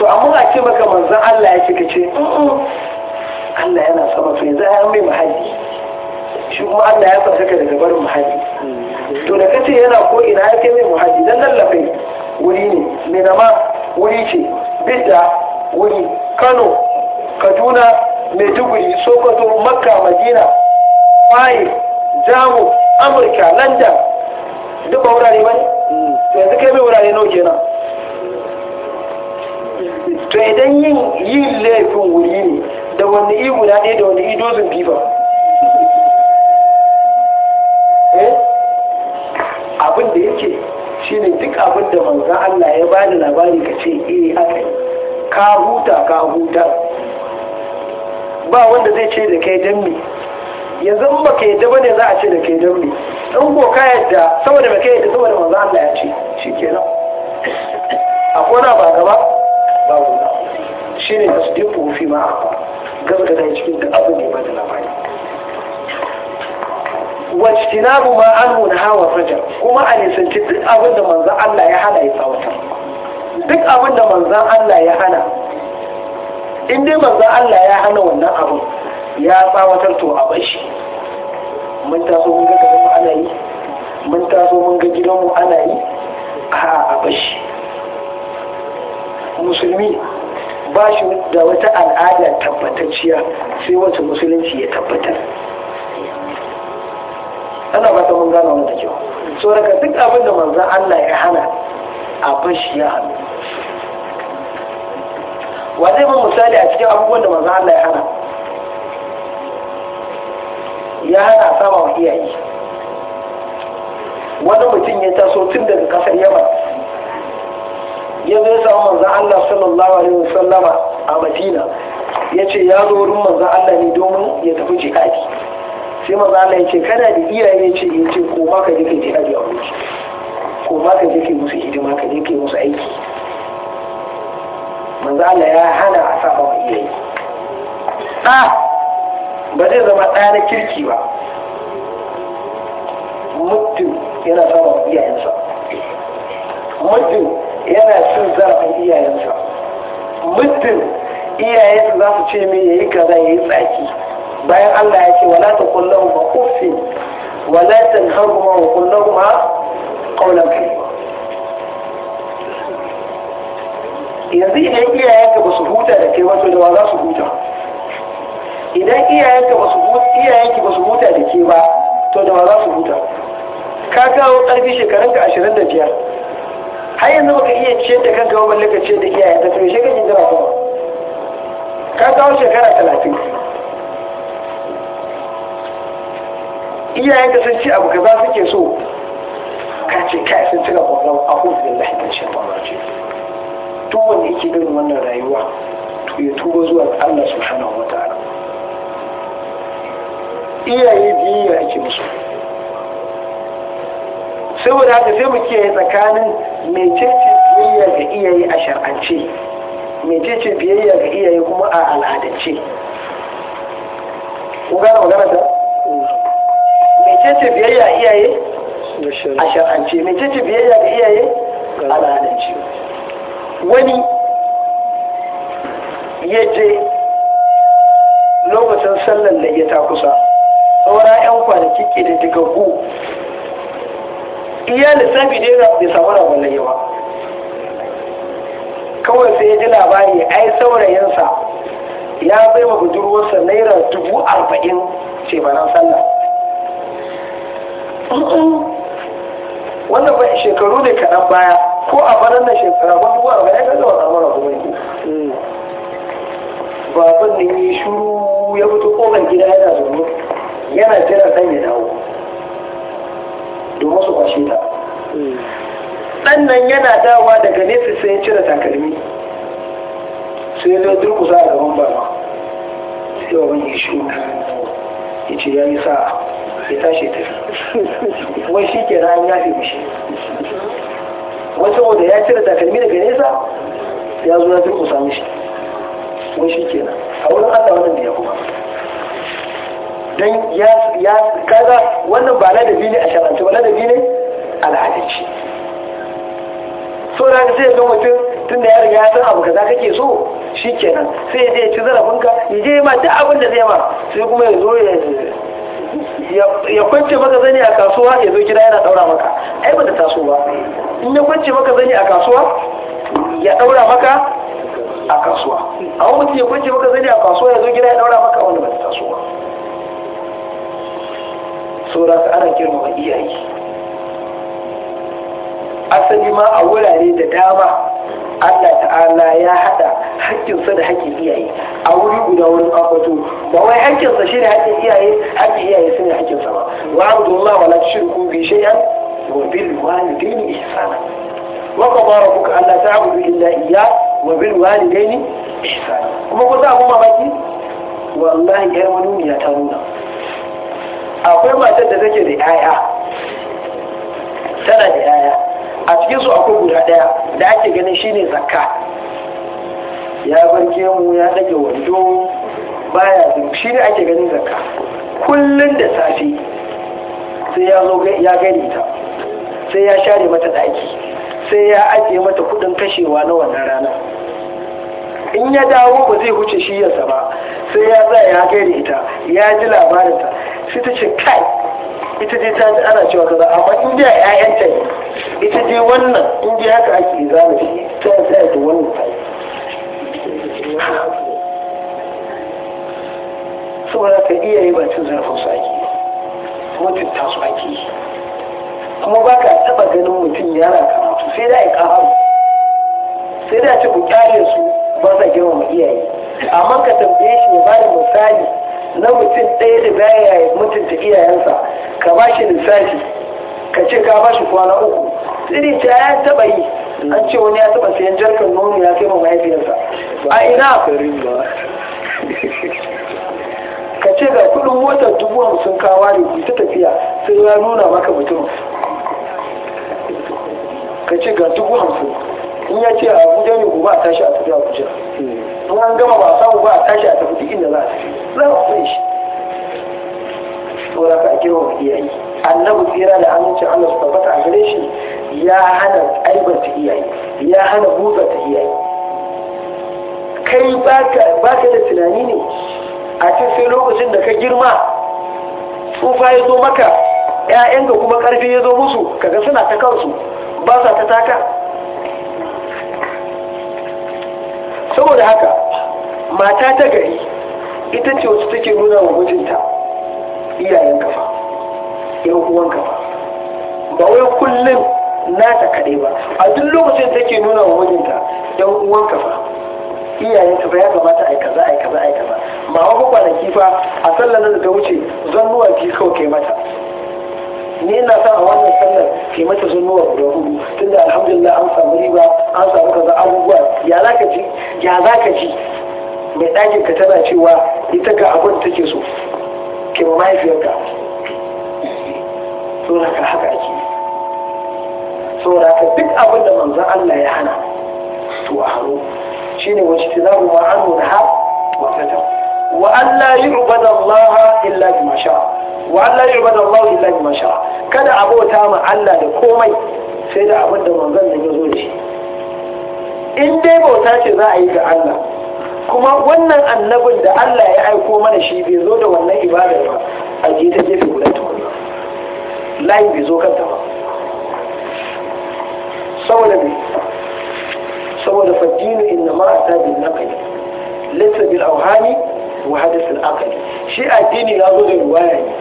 to amma a ce maka manzan Allah ya ce ka ce Allah yana sama to yanzu ai mai mahalli shi kuma Allah ya tsaka ka daga barin mahalli to da kace yana ko ina ya kai mai mahalli dan lallafai wuri ne mai zama wuri ce bidda wuri kano kaduna maiduguri sokoto makka madina faye Jamu, amurka london duk ba wurare ba ne yanzu kai mai wurare nau kenan to idan yin yin laifin wuri ne da wani i guda ɗaya da wani i dozin biyu eh? abin da yake shi ne duk abin da manzan Allah ya ba da labari ka ce iri eh haka yi ka huta ka huta ba wanda zai ce da kai dan ya yanzu ba ka yadda bane za a ce da kai dan me in ko ka yadda saboda baka yadda saboda manzan Allah ya ce shi nan a kona ba gaba ba gona shine tasdiqu fi ma gaba da cikin da abin da ya ba da labari Wacce na wajtinabu an anhu nahawa fajar kuma a nisanci duk abin da manzon Allah ya hana ya tsawata duk abin da manzon Allah ya hana in dai manzon Allah ya hana wannan abin ya tsawatar to a bar shi mun taso mun ga garin ana yi mun taso mun ga gidanmu ana yi a a bar shi musulmi ba shi da wata al'ada tabbatacciya sai wata musulunci ya tabbatar ana ba ta mun gano wani da kyau so daga duk abin da manzan Allah ya hana a fashi ya hannu wa zai ba misali a cikin abubuwan da manzan Allah ya hana ya hana sama wa iyaye wani mutum ya taso tun daga kasar yaba, ya zai samu manzan Allah sallallahu alaihi wasallama a madina ya ce ya zo wurin manzan Allah ne domin ya tafi jihadi sai maza Allah ya ce kana da iyaye ce in ce ko maka ka je kai jihadi a wuce ko maka ka je musu hidima ka je kai musu aiki manzo Allah ya hana a saba wa iyaye a ba zai zama ɗaya na kirki ba muddin yana saba wa iyayensa muddin yana cin zarafin iyayensa muddin iyayensa za su ce me yayi kaza yayi tsaki bayan Allah ya ce wala ta kullahu ba kufi wala ta ma wa kullahu ma qawlan kai yanzu idan iyayenka ba su huta da kai wato da wa za su huta idan iyayenka ba su ba su huta da ke ba to da wa za su huta ka kawo karfi shekarunka ashirin da biyar har yanzu baka iya ciyar da kanka ba balle ka da iyayen ta kai shekarun jira kuma ka kawo shekara talatin iyayen da sun ce abu gaza suke so ka ce kai sun cika kwakwalwa a da lahi da shan ce to wanda yake ganin wannan rayuwa to ya tuba zuwa Allah Allah hana wa ta'ala iyaye biyayya ake musu saboda haka sai mu kiyaye tsakanin mecece biyayya ga iyaye a shar'ance mecece biyayya ga iyaye kuma a al'adance ku gane magana ta mecece biyayya iyaye a shar'ance mecece biyayya ga iyaye al'adance wani ya je lokacin sallar da ya ta kusa saura 'yan kwanaki ke da digaggu iya lissafi ne bai samu rabon yawa kawai sai ya ji labari ai saurayinsa ya bai wa budurwarsa naira dubu arba'in ce banan sallah wannan ba shekaru ne kaɗan baya ko a banan nan shekara ba dubu arba'in ga zuwa zamara kuma ba baban da yi shuru ya fito ƙofar gida yana zaune yana jira ɗan ya dawo domin su kwashe ta ɗan nan yana dawa daga nesa sai ya cire takalmi sai ya durkusa a gaban baba sai baban ya shuru ya ce ya yi sa'a ya tashi tafi wai shi ke ran ya fi ya cire takalmi daga nesa ya zo ya durkusa mishi wai shi ke a wurin allah wannan da ya kuma don ya kaga wannan ba ladabi ne a sharance ba ladabi ne al'adance sauran zai zo mutum tun da ya riga ya san abu kaza kake so shi nan sai ya je ci zarafinka ya je ma duk abin da zai ma sai kuma ya zo ya ya kwance maka zani a kasuwa ya zo gida yana daura maka ai ba ta taso ba in ya kwance maka zani a kasuwa ya daura maka a kasuwa a wani mutum ya kwance maka zani a kasuwa ya zo gida ya daura maka wani ba ta taso ba saboda ka ana girmama iyaye asali ma a wurare da dama Allah ta'ala ya hada hakkinsa da hakkin iyaye a wuri guda wurin ambato ba wai hakkinsa shi ne hakkin iyaye hakkin iyaye su ne hakkinsa ba wa abdullahi wala tushriku bi shay'an wa bil walidayni ihsana wa qadara rabbuka alla ta'budu illa iyyah wa bil walidayni ihsana kuma ku za mu mamaki wallahi yar wani ya ta nuna akwai matar da take da yaya tana da yaya a cikin su akwai guda ɗaya da ake ganin shine zakka ya bar gemu ya ɗage wando baya zuwa shi ake ganin zakka kullum da safe sai ya zo ya gani ta sai ya share mata ɗaki sai ya ajiye mata kuɗin kashewa na wannan rana in ya dawo ba zai huce shiyarsa ba sai ya za ya gani ita ya ji labarinta sai ta ce kai ita dai ta ana cewa kaza amma in da 'ya'yanta ne ta je wannan in ji haka ake zama shi ta sa ta wannan fa'ida saboda ka iyaye ba cin zarafin su ake kuma cuta su ake kuma ba ka taba ganin mutum yana karatu sai da ya kaharu sai da ci ku su ba sa girmama iyaye amma ka tambaye shi ya bada misali na mutum ɗaya da ya mutunta iyayensa ka ba shi lissafi ka ce ka ba shi kwana uku siri ta ya taba yi an ce wani ya taba sayan jarkar nono ya kai ma mahaifiyarsa a ina ka ce ga kudin motar dubu hamsin kawa ne ku ta tafiya sai ya nuna maka mutum ka ce ga dubu hamsin in ya ce a abuja ne gobe a tashi a tafi abuja in an gama ba a samu ba a tashi a tafi duk inda za a tafi za a kuɗe shi saboda ka a girma iyaye Annabu tsira da amincin Allah su tabbata a gare shi ya hana ta iyaye ya hana ta iyaye kai baka da tunani ne a cikin lokacin da ka girma tsufa ya zo maka ‘ya'yanka kuma ƙarfi ya zo musu kaga suna ta kansu ba sa ta taka saboda haka mata ta gari ita ce wasu take nuna wa mijinta iyayen kafa yan uwanka ba wai kullum na ta kaɗai ba a duk lokacin da ke nuna wa mijinta yan uwanka ba Iyayen ka ya kamata ai kaza ai kaza ai kaza ba wa ba kwanaki fa a sallar da da wuce nuwa ki kawai kai mata ni na sa a wannan sallar ke mata nuwa guda hudu tunda alhamdulillah an samu riba an samu kaza abubuwa ya za ka ji ya za ka ji mai ɗakin ka tana cewa ita ga abin take so ke mahaifiyarka saboda haka ake saboda haka duk abin da manzan Allah ya hana to a haro. Shi ne wace ta zaɓi wa an nuna ha wata ta wa Allah yi ubada Allah illa bi masha wa Allah yi ubada Allah illa bi masha kada abota ma Allah da komai sai da abin da manzan nan ya zo da shi in dai bauta ce za a yi ga Allah kuma wannan annabin da Allah ya aiko mana shi bai zo da wannan ibadar ba a je ta gefe guda tukunna layi bai zo kanta ba saboda bai saboda faddini inna ma a ta bin nakali lissa bil auhani wa al aqli shi addini ya zo da ruwaya ne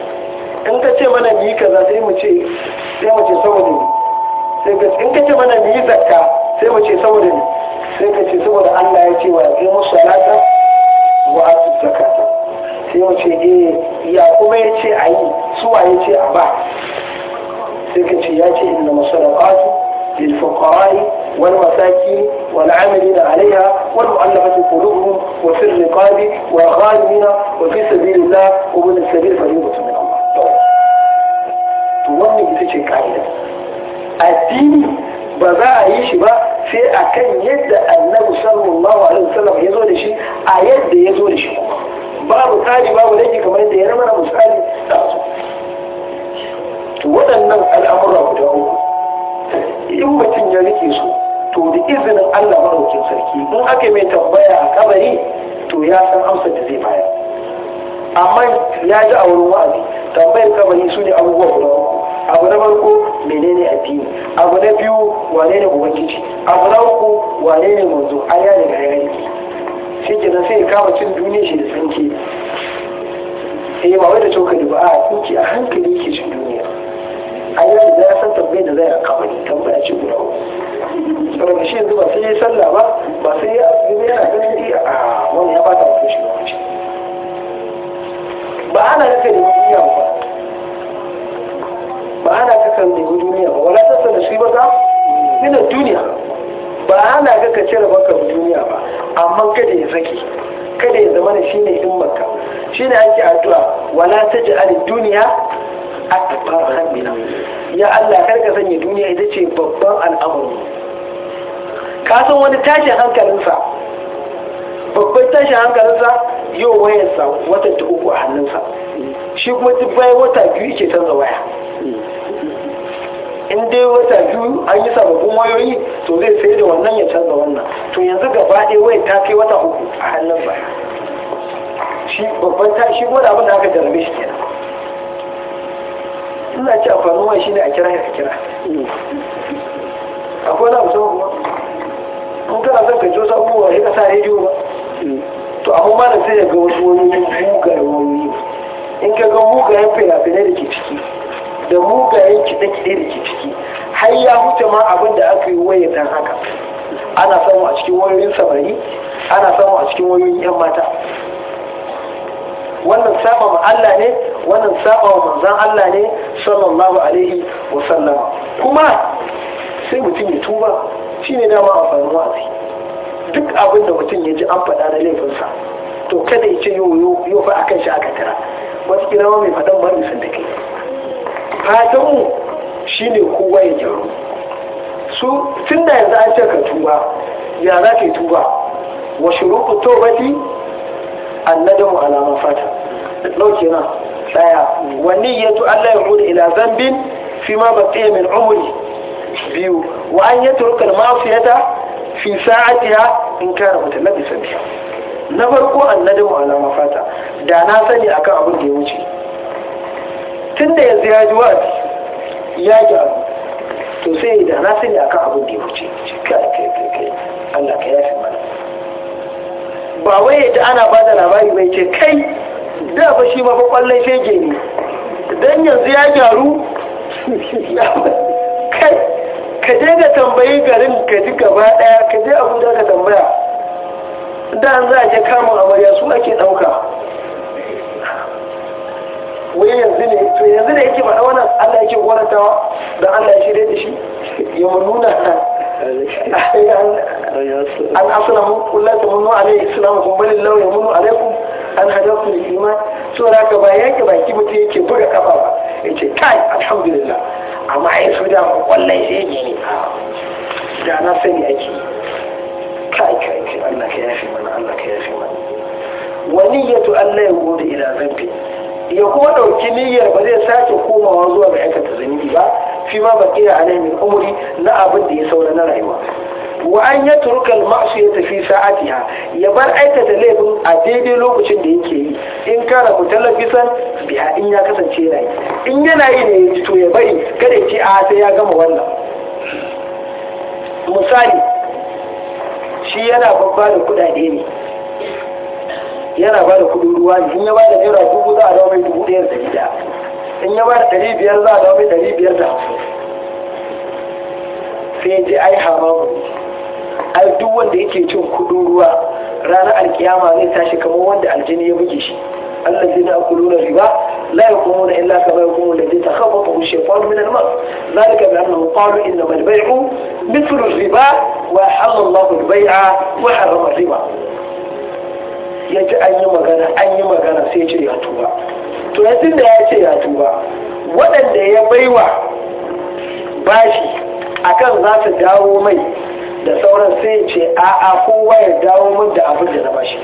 in ka ce mana yi kaza sai mu ce sai mu ce saboda ni sai ka in ka ce mana yi zakka sai mu ce saboda ni sai ka ce saboda Allah ya ce wa yi musu salata wa atu zakata sai mu ce eh ya kuma ya ce a yi wa ya ce a ba sai ka ce ya ce inna masadaqatu lil fuqara'i wal masakin wal amilina alaiha wal mu'allafati qulubuhum wa fil riqabi wa ghalimina wa fi sabilillah wa min sabil fariqatu min Allah to wannan ita ce kaida addini ba za a yi shi ba sai akan yadda annabi sallallahu alaihi wasallam ya zo da shi a yadda ya zo da shi kuma babu tsari babu dangi kamar yadda ya rama na misali da su to waɗannan al'amura guda uku in mutum ya rike su to da izinin Allah maraukin sarki in aka mai tambaya a kabari to ya san amsa da zai bayar amma ya ji a wurin wa'azi tambayar kabari su ne abubuwa guda uku abu na farko menene addini abu na biyu wane ne ubangiji abu na uku wane ne manzo aya ne ga yayi shi ke sai ya kama cin duniya shi da sanke eh ba wai da cokali ba a kuki a hankali ke cin duniya a da ya san tambayi da zai a kabari tambaya ce guda saboda shi yanzu ba sai ya yi sallah ba ba sai ya azumi yana ganin a ah, wani ya bata wani shi lokaci ba ana nufin duniya ba ba ana kakan nemi duniya ba wala ta sanar shi ba za mina duniya ba ana ga ka cire baka duniya ba amma kada ya saki kada ya zama shi ne himmarka shi ne ake addu'a wala ta ji duniya akbar hammina ya Allah kar ka sanya duniya ita ce babban al'amari ka san wani tashin hankalinsa babban tashin hankalinsa yau wayansa wata ta uku a hannunsa shi kuma duk bayan wata biyu yake canza waya in dai wata biyu an yi sababbin wayoyi to zai sai da wannan ya canza wannan to yanzu gaba ɗaya wayar ta kai wata uku a hannunsa shi babban ta shi gwada abin da aka jarabe shi kenan suna ce amfanin waya shine a kira ya kira akwai na musamman kuma kun kana son ka ji wasu abubuwa sai sa rediyo ba to amma na sai ya ga wasu wani mugayen wani in ka ga mugayen fina fina da ke ciki da mugayen kiɗe-kiɗe da ke ciki har ya huce ma abin da aka yi waye dan haka ana samu a cikin wayoyin samari ana samu a cikin wayoyin yan mata wannan saba ma Allah ne wannan saba wa manzan Allah ne sallallahu alaihi wa sallama kuma sai mutum ya tuba shine dama amfanin wa'azi duk abin da mutum ya ji an faɗa na laifinsa to kada ya ce yo fa akan shi aka tara wasu kira mai faɗan marisan fatan mu mu shine kowa ya gyaru su tun yanzu an ce ka tuba ya za ka yi tuba wa shuruku tobati annadamu ala ma fata dauke na daya wa Allah ya hudu ila dhanbin fi ma tsaye min umuri biyu wa an yatruka al-ma'siyata fi ya? in na bisa biyu na farko annadamu ala ma fata da na sani akan abin da ya wuce tunda yanzu ya ji wa'azi ya ji abu to sai da na sani akan abin da ya wuce kai kai kai Allah ka yafi ba wai ya ji ana ba da labari bai ce kai da ba shi mafi kwallon shege ne don yanzu ya gyaru kai ka je ka tambayi garin ka ji gaba daya ka je da ka tambaya da an za a je kamun amarya su ake dauka wai yanzu ne to yanzu da yake faɗa wannan allah yake gwarantawa don allah shi shirya da shi ya nuna an aslamu kullata munnu alaihi islamu kun balin lau alaikum an hadafu da iman so da ka ba yake baki mutum yake buga kafa ba yace kai alhamdulillah amma ai su da wallahi sai ne da na sani ake kai kai kai Allah ka yafi mana Allah ya kuma ɗauki niyyar ba zai sake komawa zuwa ga aikata zunubi ba fi ma ba kira alai min umri na abin da ya saura na rayuwa wa an ya turkal masu ya tafi sa'atiha ya bar aikata laifin a daidai lokacin da yake yi in kara mutalabisan biya in ya kasance yana yi in yana yi ne ya to ya bari kada ya ce a sai ya gama wannan misali shi yana babba da kudade ne yana ba da kudin ruwa ne in ya ba da naira dubu za a dawo mai dubu ɗaya da gida in ya ba da ɗari biyar za a dawo mai ɗari biyar da hamsin sai ji ai hamamu ai duk wanda yake cin kudin ruwa ranar alkiyama zai tashi kamar wanda aljini ya buge shi Allah zai da akuluna riba لا يقومون إلا كما يقوم الذي تخبطه الشيطان من المرض ذلك بأنه قالوا إنما البيع مثل الربا وأحل الله البيع وحرم riba. ya ji an yi magana an yi magana sai ya ce ya tuba to yanzu da ya ce ya tuba waɗanda ya baiwa bashi akan za su dawo mai da sauran sai ce a'a kowa ya dawo min da abin da na bashi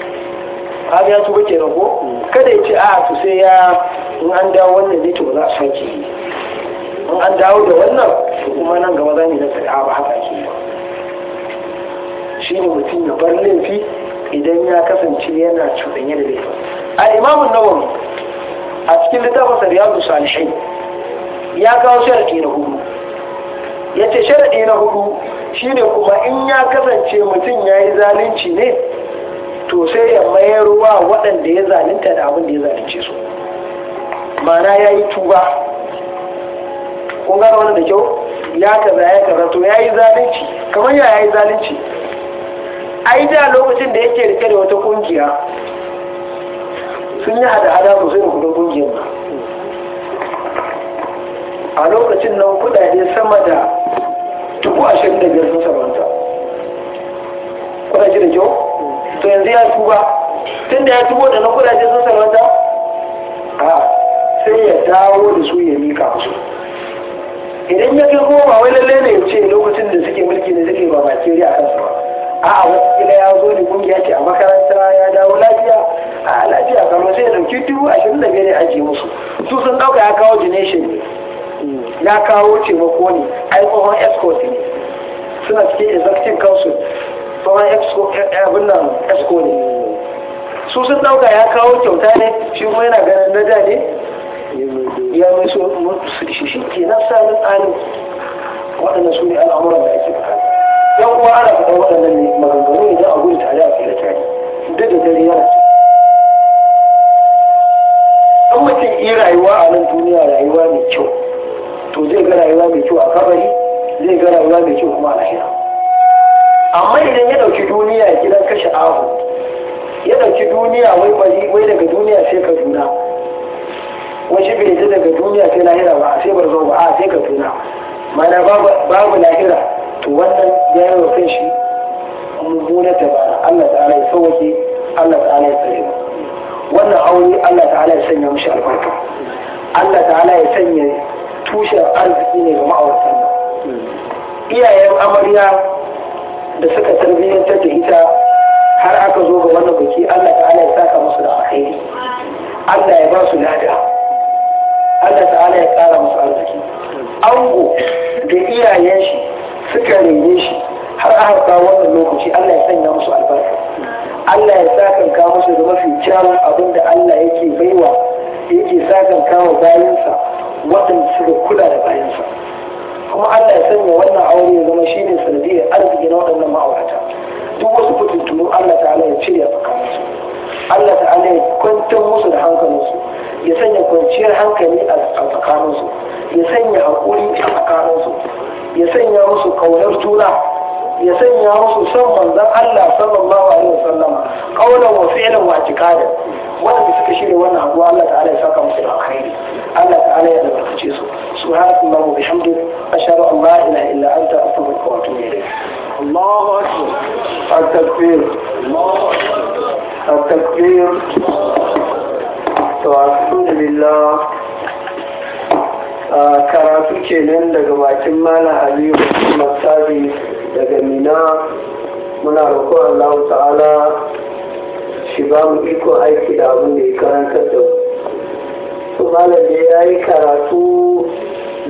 har ya tuba ke rago kada ya ce a to sai ya in an dawo wannan ne to za a soke in an dawo da wannan to kuma nan gaba za na sai a ba haka ke shi ne mutum ya bar laifi idan ya kasance yana cuɗanye da laifin a imamun nawawi a cikin littafin sariyar salishai ya kawo sharaɗi na hudu ya ce sharaɗi na hudu shine kuma in ya kasance mutum ya yi zalunci ne to sai ya mayar wa waɗanda ya zalunta da abin da ya zalunce su mana ya yi tuba kun gano wannan da kyau ya kaza ya kaza to ya yi zalunci kamar ya yi zalunci ai da lokacin da yake rike da wata kungiya sun yi hada-hada ku sai da kudin kungiyar ba a lokacin nan kudade sama da dubu ashirin da biyar sun sabanta kudaje da kyau to yanzu ya tuba tun da ya tubo da na kudaje sun sabanta a sai ya dawo da su ya mika su idan ya kai goma wai lalle ne ya ce lokacin da suke mulki ne suke ba bakeri a kansu ba a wasu ya zo da kungiya ce a makaranta ya dawo lafiya a lafiya kamar sai ya dauki dubu ashirin da biyar ya ajiye musu su sun dauka ya kawo donation ya kawo taimako ne ai tsohon escort ne suna cikin executive council tsohon eh, eh, abin nan escort ne su sun dauka ya kawo kyauta ne shi kuma yana ganin na da ne ya mai so shi ke nan sami tsarin waɗanda su ne al'amuran da ake bukata yan kuma ana fitar waɗannan ne maganganu ne don a gudu tare a tsira tare duk da dare yana ci in mutum iya rayuwa a nan duniya rayuwa mai kyau to zai ga rayuwa mai kyau a kabari zai ga rayuwa mai kyau kuma a lahira amma idan ya ɗauki duniya gidan kashe ahu ya ɗauki duniya wai wai daga duniya sai ka kaduna wasu bai daga duniya sai lahira ba sai barzo ba a sai ka kaduna mana babu lahira to wannan ya yi wa kan shi mummunar dabara Allah ta'ala ya sauwake Allah ta'ala ya tsare wannan aure Allah ta'ala ya sanya mishi albarka Allah ta'ala ya sanya tushen arziki ne ga ma'auratan nan iyayen amarya da suka tarbiyyantar da ita har aka zo ga wannan biki Allah ta'ala ya saka musu da alheri Allah ya ba su lada Allah ta'ala ya kara musu arziki ango da iyayen shi suka rene shi har a harka wannan lokaci Allah ya sanya musu albarka Allah ya sakanka musu da mafi kyawun abin da Allah yake baiwa yake sakanka wa bayansa waɗanda suka kula da bayansa kuma Allah ya sanya wannan aure ya zama shine sanadiyar arziki na waɗannan ma'aurata duk wasu fitattunu Allah ta'ala ya cire a tsakaninsu Allah ta'ala ya kwantar musu da hankalinsu ya sanya kwanciyar hankali a tsakaninsu ya sanya haƙuri a tsakaninsu ya sanya musu kaunar juna ya sanya musu san manzon Allah sallallahu alaihi wasallam kaunar wa fi'lan wa i'tiqada wanda suka shirye wannan abu Allah ta'ala ya saka musu da alkhairi Allah ta'ala ya albarkace su subhanallahi bihamdi bihamdihi ashhadu an la ilaha illa anta astaghfiruka wa atubu ilayk at-takbir Allahu akbar at-takbir والحمد لله karatu kenan daga bakin mana aliyu masari daga mina muna roƙo Allah ta'ala shi ba mu iko aiki da abin da ya karanta da su malam ya yi karatu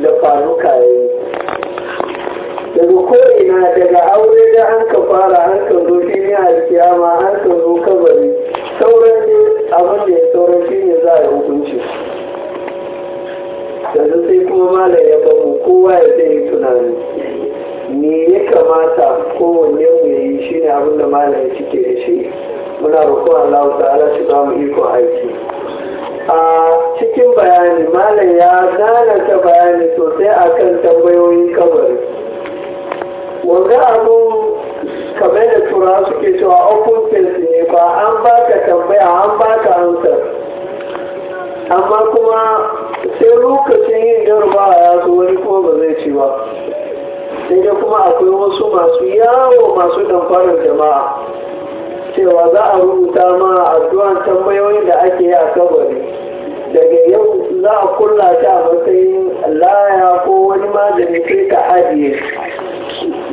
da faruka ya daga ko'ina daga aure da an ka fara an ka zo fili alkiyama an ka zo kabari sauran abin da ya sauran shi ne za a yi hukunci yanzu sai kuma malam ya bamu kowa ya zai tunani Ni ya kamata kowanne mu yi shi ne abin da malam ya cike da shi muna roƙon Allah ta'ala shi ba mu iko aiki a cikin bayani malam ya ta bayani sosai a kan tambayoyin kabari wanda abu kamar da tura suke cewa open face ne ba an ba ka tambaya an ba ka amsa amma kuma sai lokacin yin jarba ya zo wani kuma ba zai ce ba sai da kuma akwai wasu masu yawo masu damfarar jama'a cewa za a rubuta ma addu'an tambayoyin da ake yi a kabari daga yau za a kulla ta a matsayin laya ko wani magani sai ta ajiye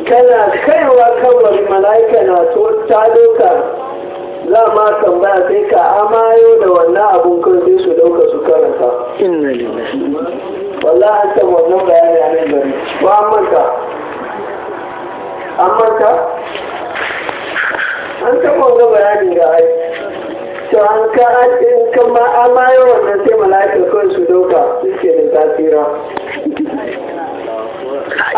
kana kaiwa kabari mala'ika na ta za ma tambaya sai ka amayo da wannan abun kan sai su dauka su karanta inna lillahi wallahi an san wannan bayani a nan gari ba an manta an manta an taɓa wannan bayani ga ai to an ka in kan ma amayo wannan sai mala'ikar kan su dauka suke da tasira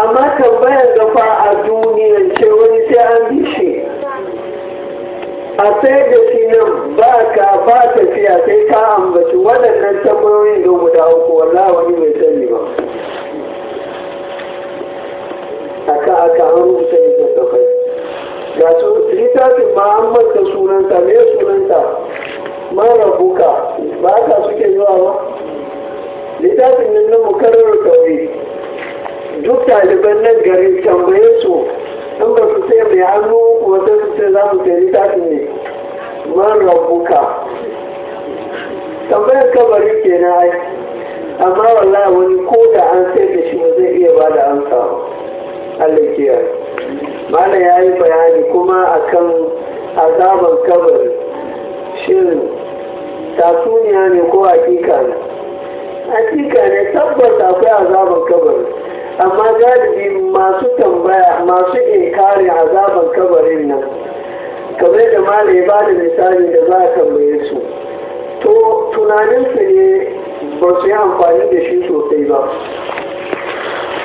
amma tambayar gafa a duniyar ce wani sai an bi shi a sai da shi nan ba ka ba tafiya sai ka ambaci waɗannan tambayoyin da mu dawo ko wallahi wani mai sani ba aka aka an rubuta littattafai ga su littafin ma an manta sunanta me sunanta mara buka ba ka suke zuwa ba littafin nan na mukarar kawai duk ɗaliban nan garin tambaye su sun ba su sai mai hannu wata su sai za mu sai littafin ne man rabuka tambayar kabari kenan ai amma wallahi wani ko da an sai da shi ba zai iya ba da amsa Allah malam ya yi bayani kuma akan azaban kabari shin tatsuniya ne ko hakika ne hakika ne tabbata akwai azaban kabari amma galibi masu tambaya masu inkari azaban kabarin nan kamar da mala ba da misali da za a tambaye su to tunaninsu ne ba su yi amfani da shi sosai ba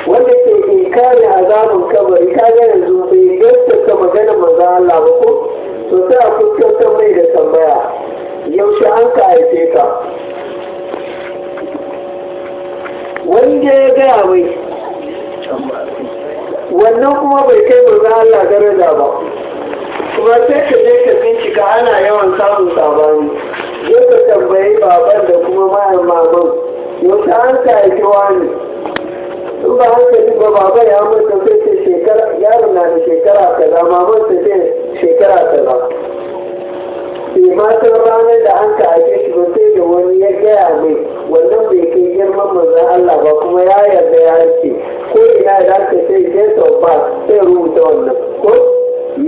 wanda ke inkari azaban kabari ta ga yanzu bai ka magana maza Allah ba ko to sai a mai da tambaya yaushe an ka haife ka wanda ya gaya mai wannan kuma bai kai manzo Allah daraja ba kuma sai ka je ka bincika ana yawan samun sabani je ka tambayi baban da kuma mayan maman yau an ka haifi wani in ba haka yi ba baba ya mutu sai ce shekara yaron na da shekara kaza maman ta ce shekara kaza bai ranar da an ka ake shi ba sai da wani ya gaya mai wannan bai kai girman manzan Allah ba kuma ya yarda ya ce ko ina da aka sai ke of birth sai rubuta wannan ko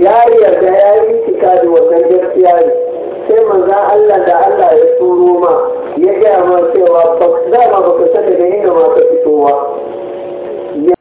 ya yarda ya yi cika da wannan gaskiya ne sai manzan Allah da Allah ya turo ma ya gaya ma cewa ba za ma baka sani da inda ma ka fitowa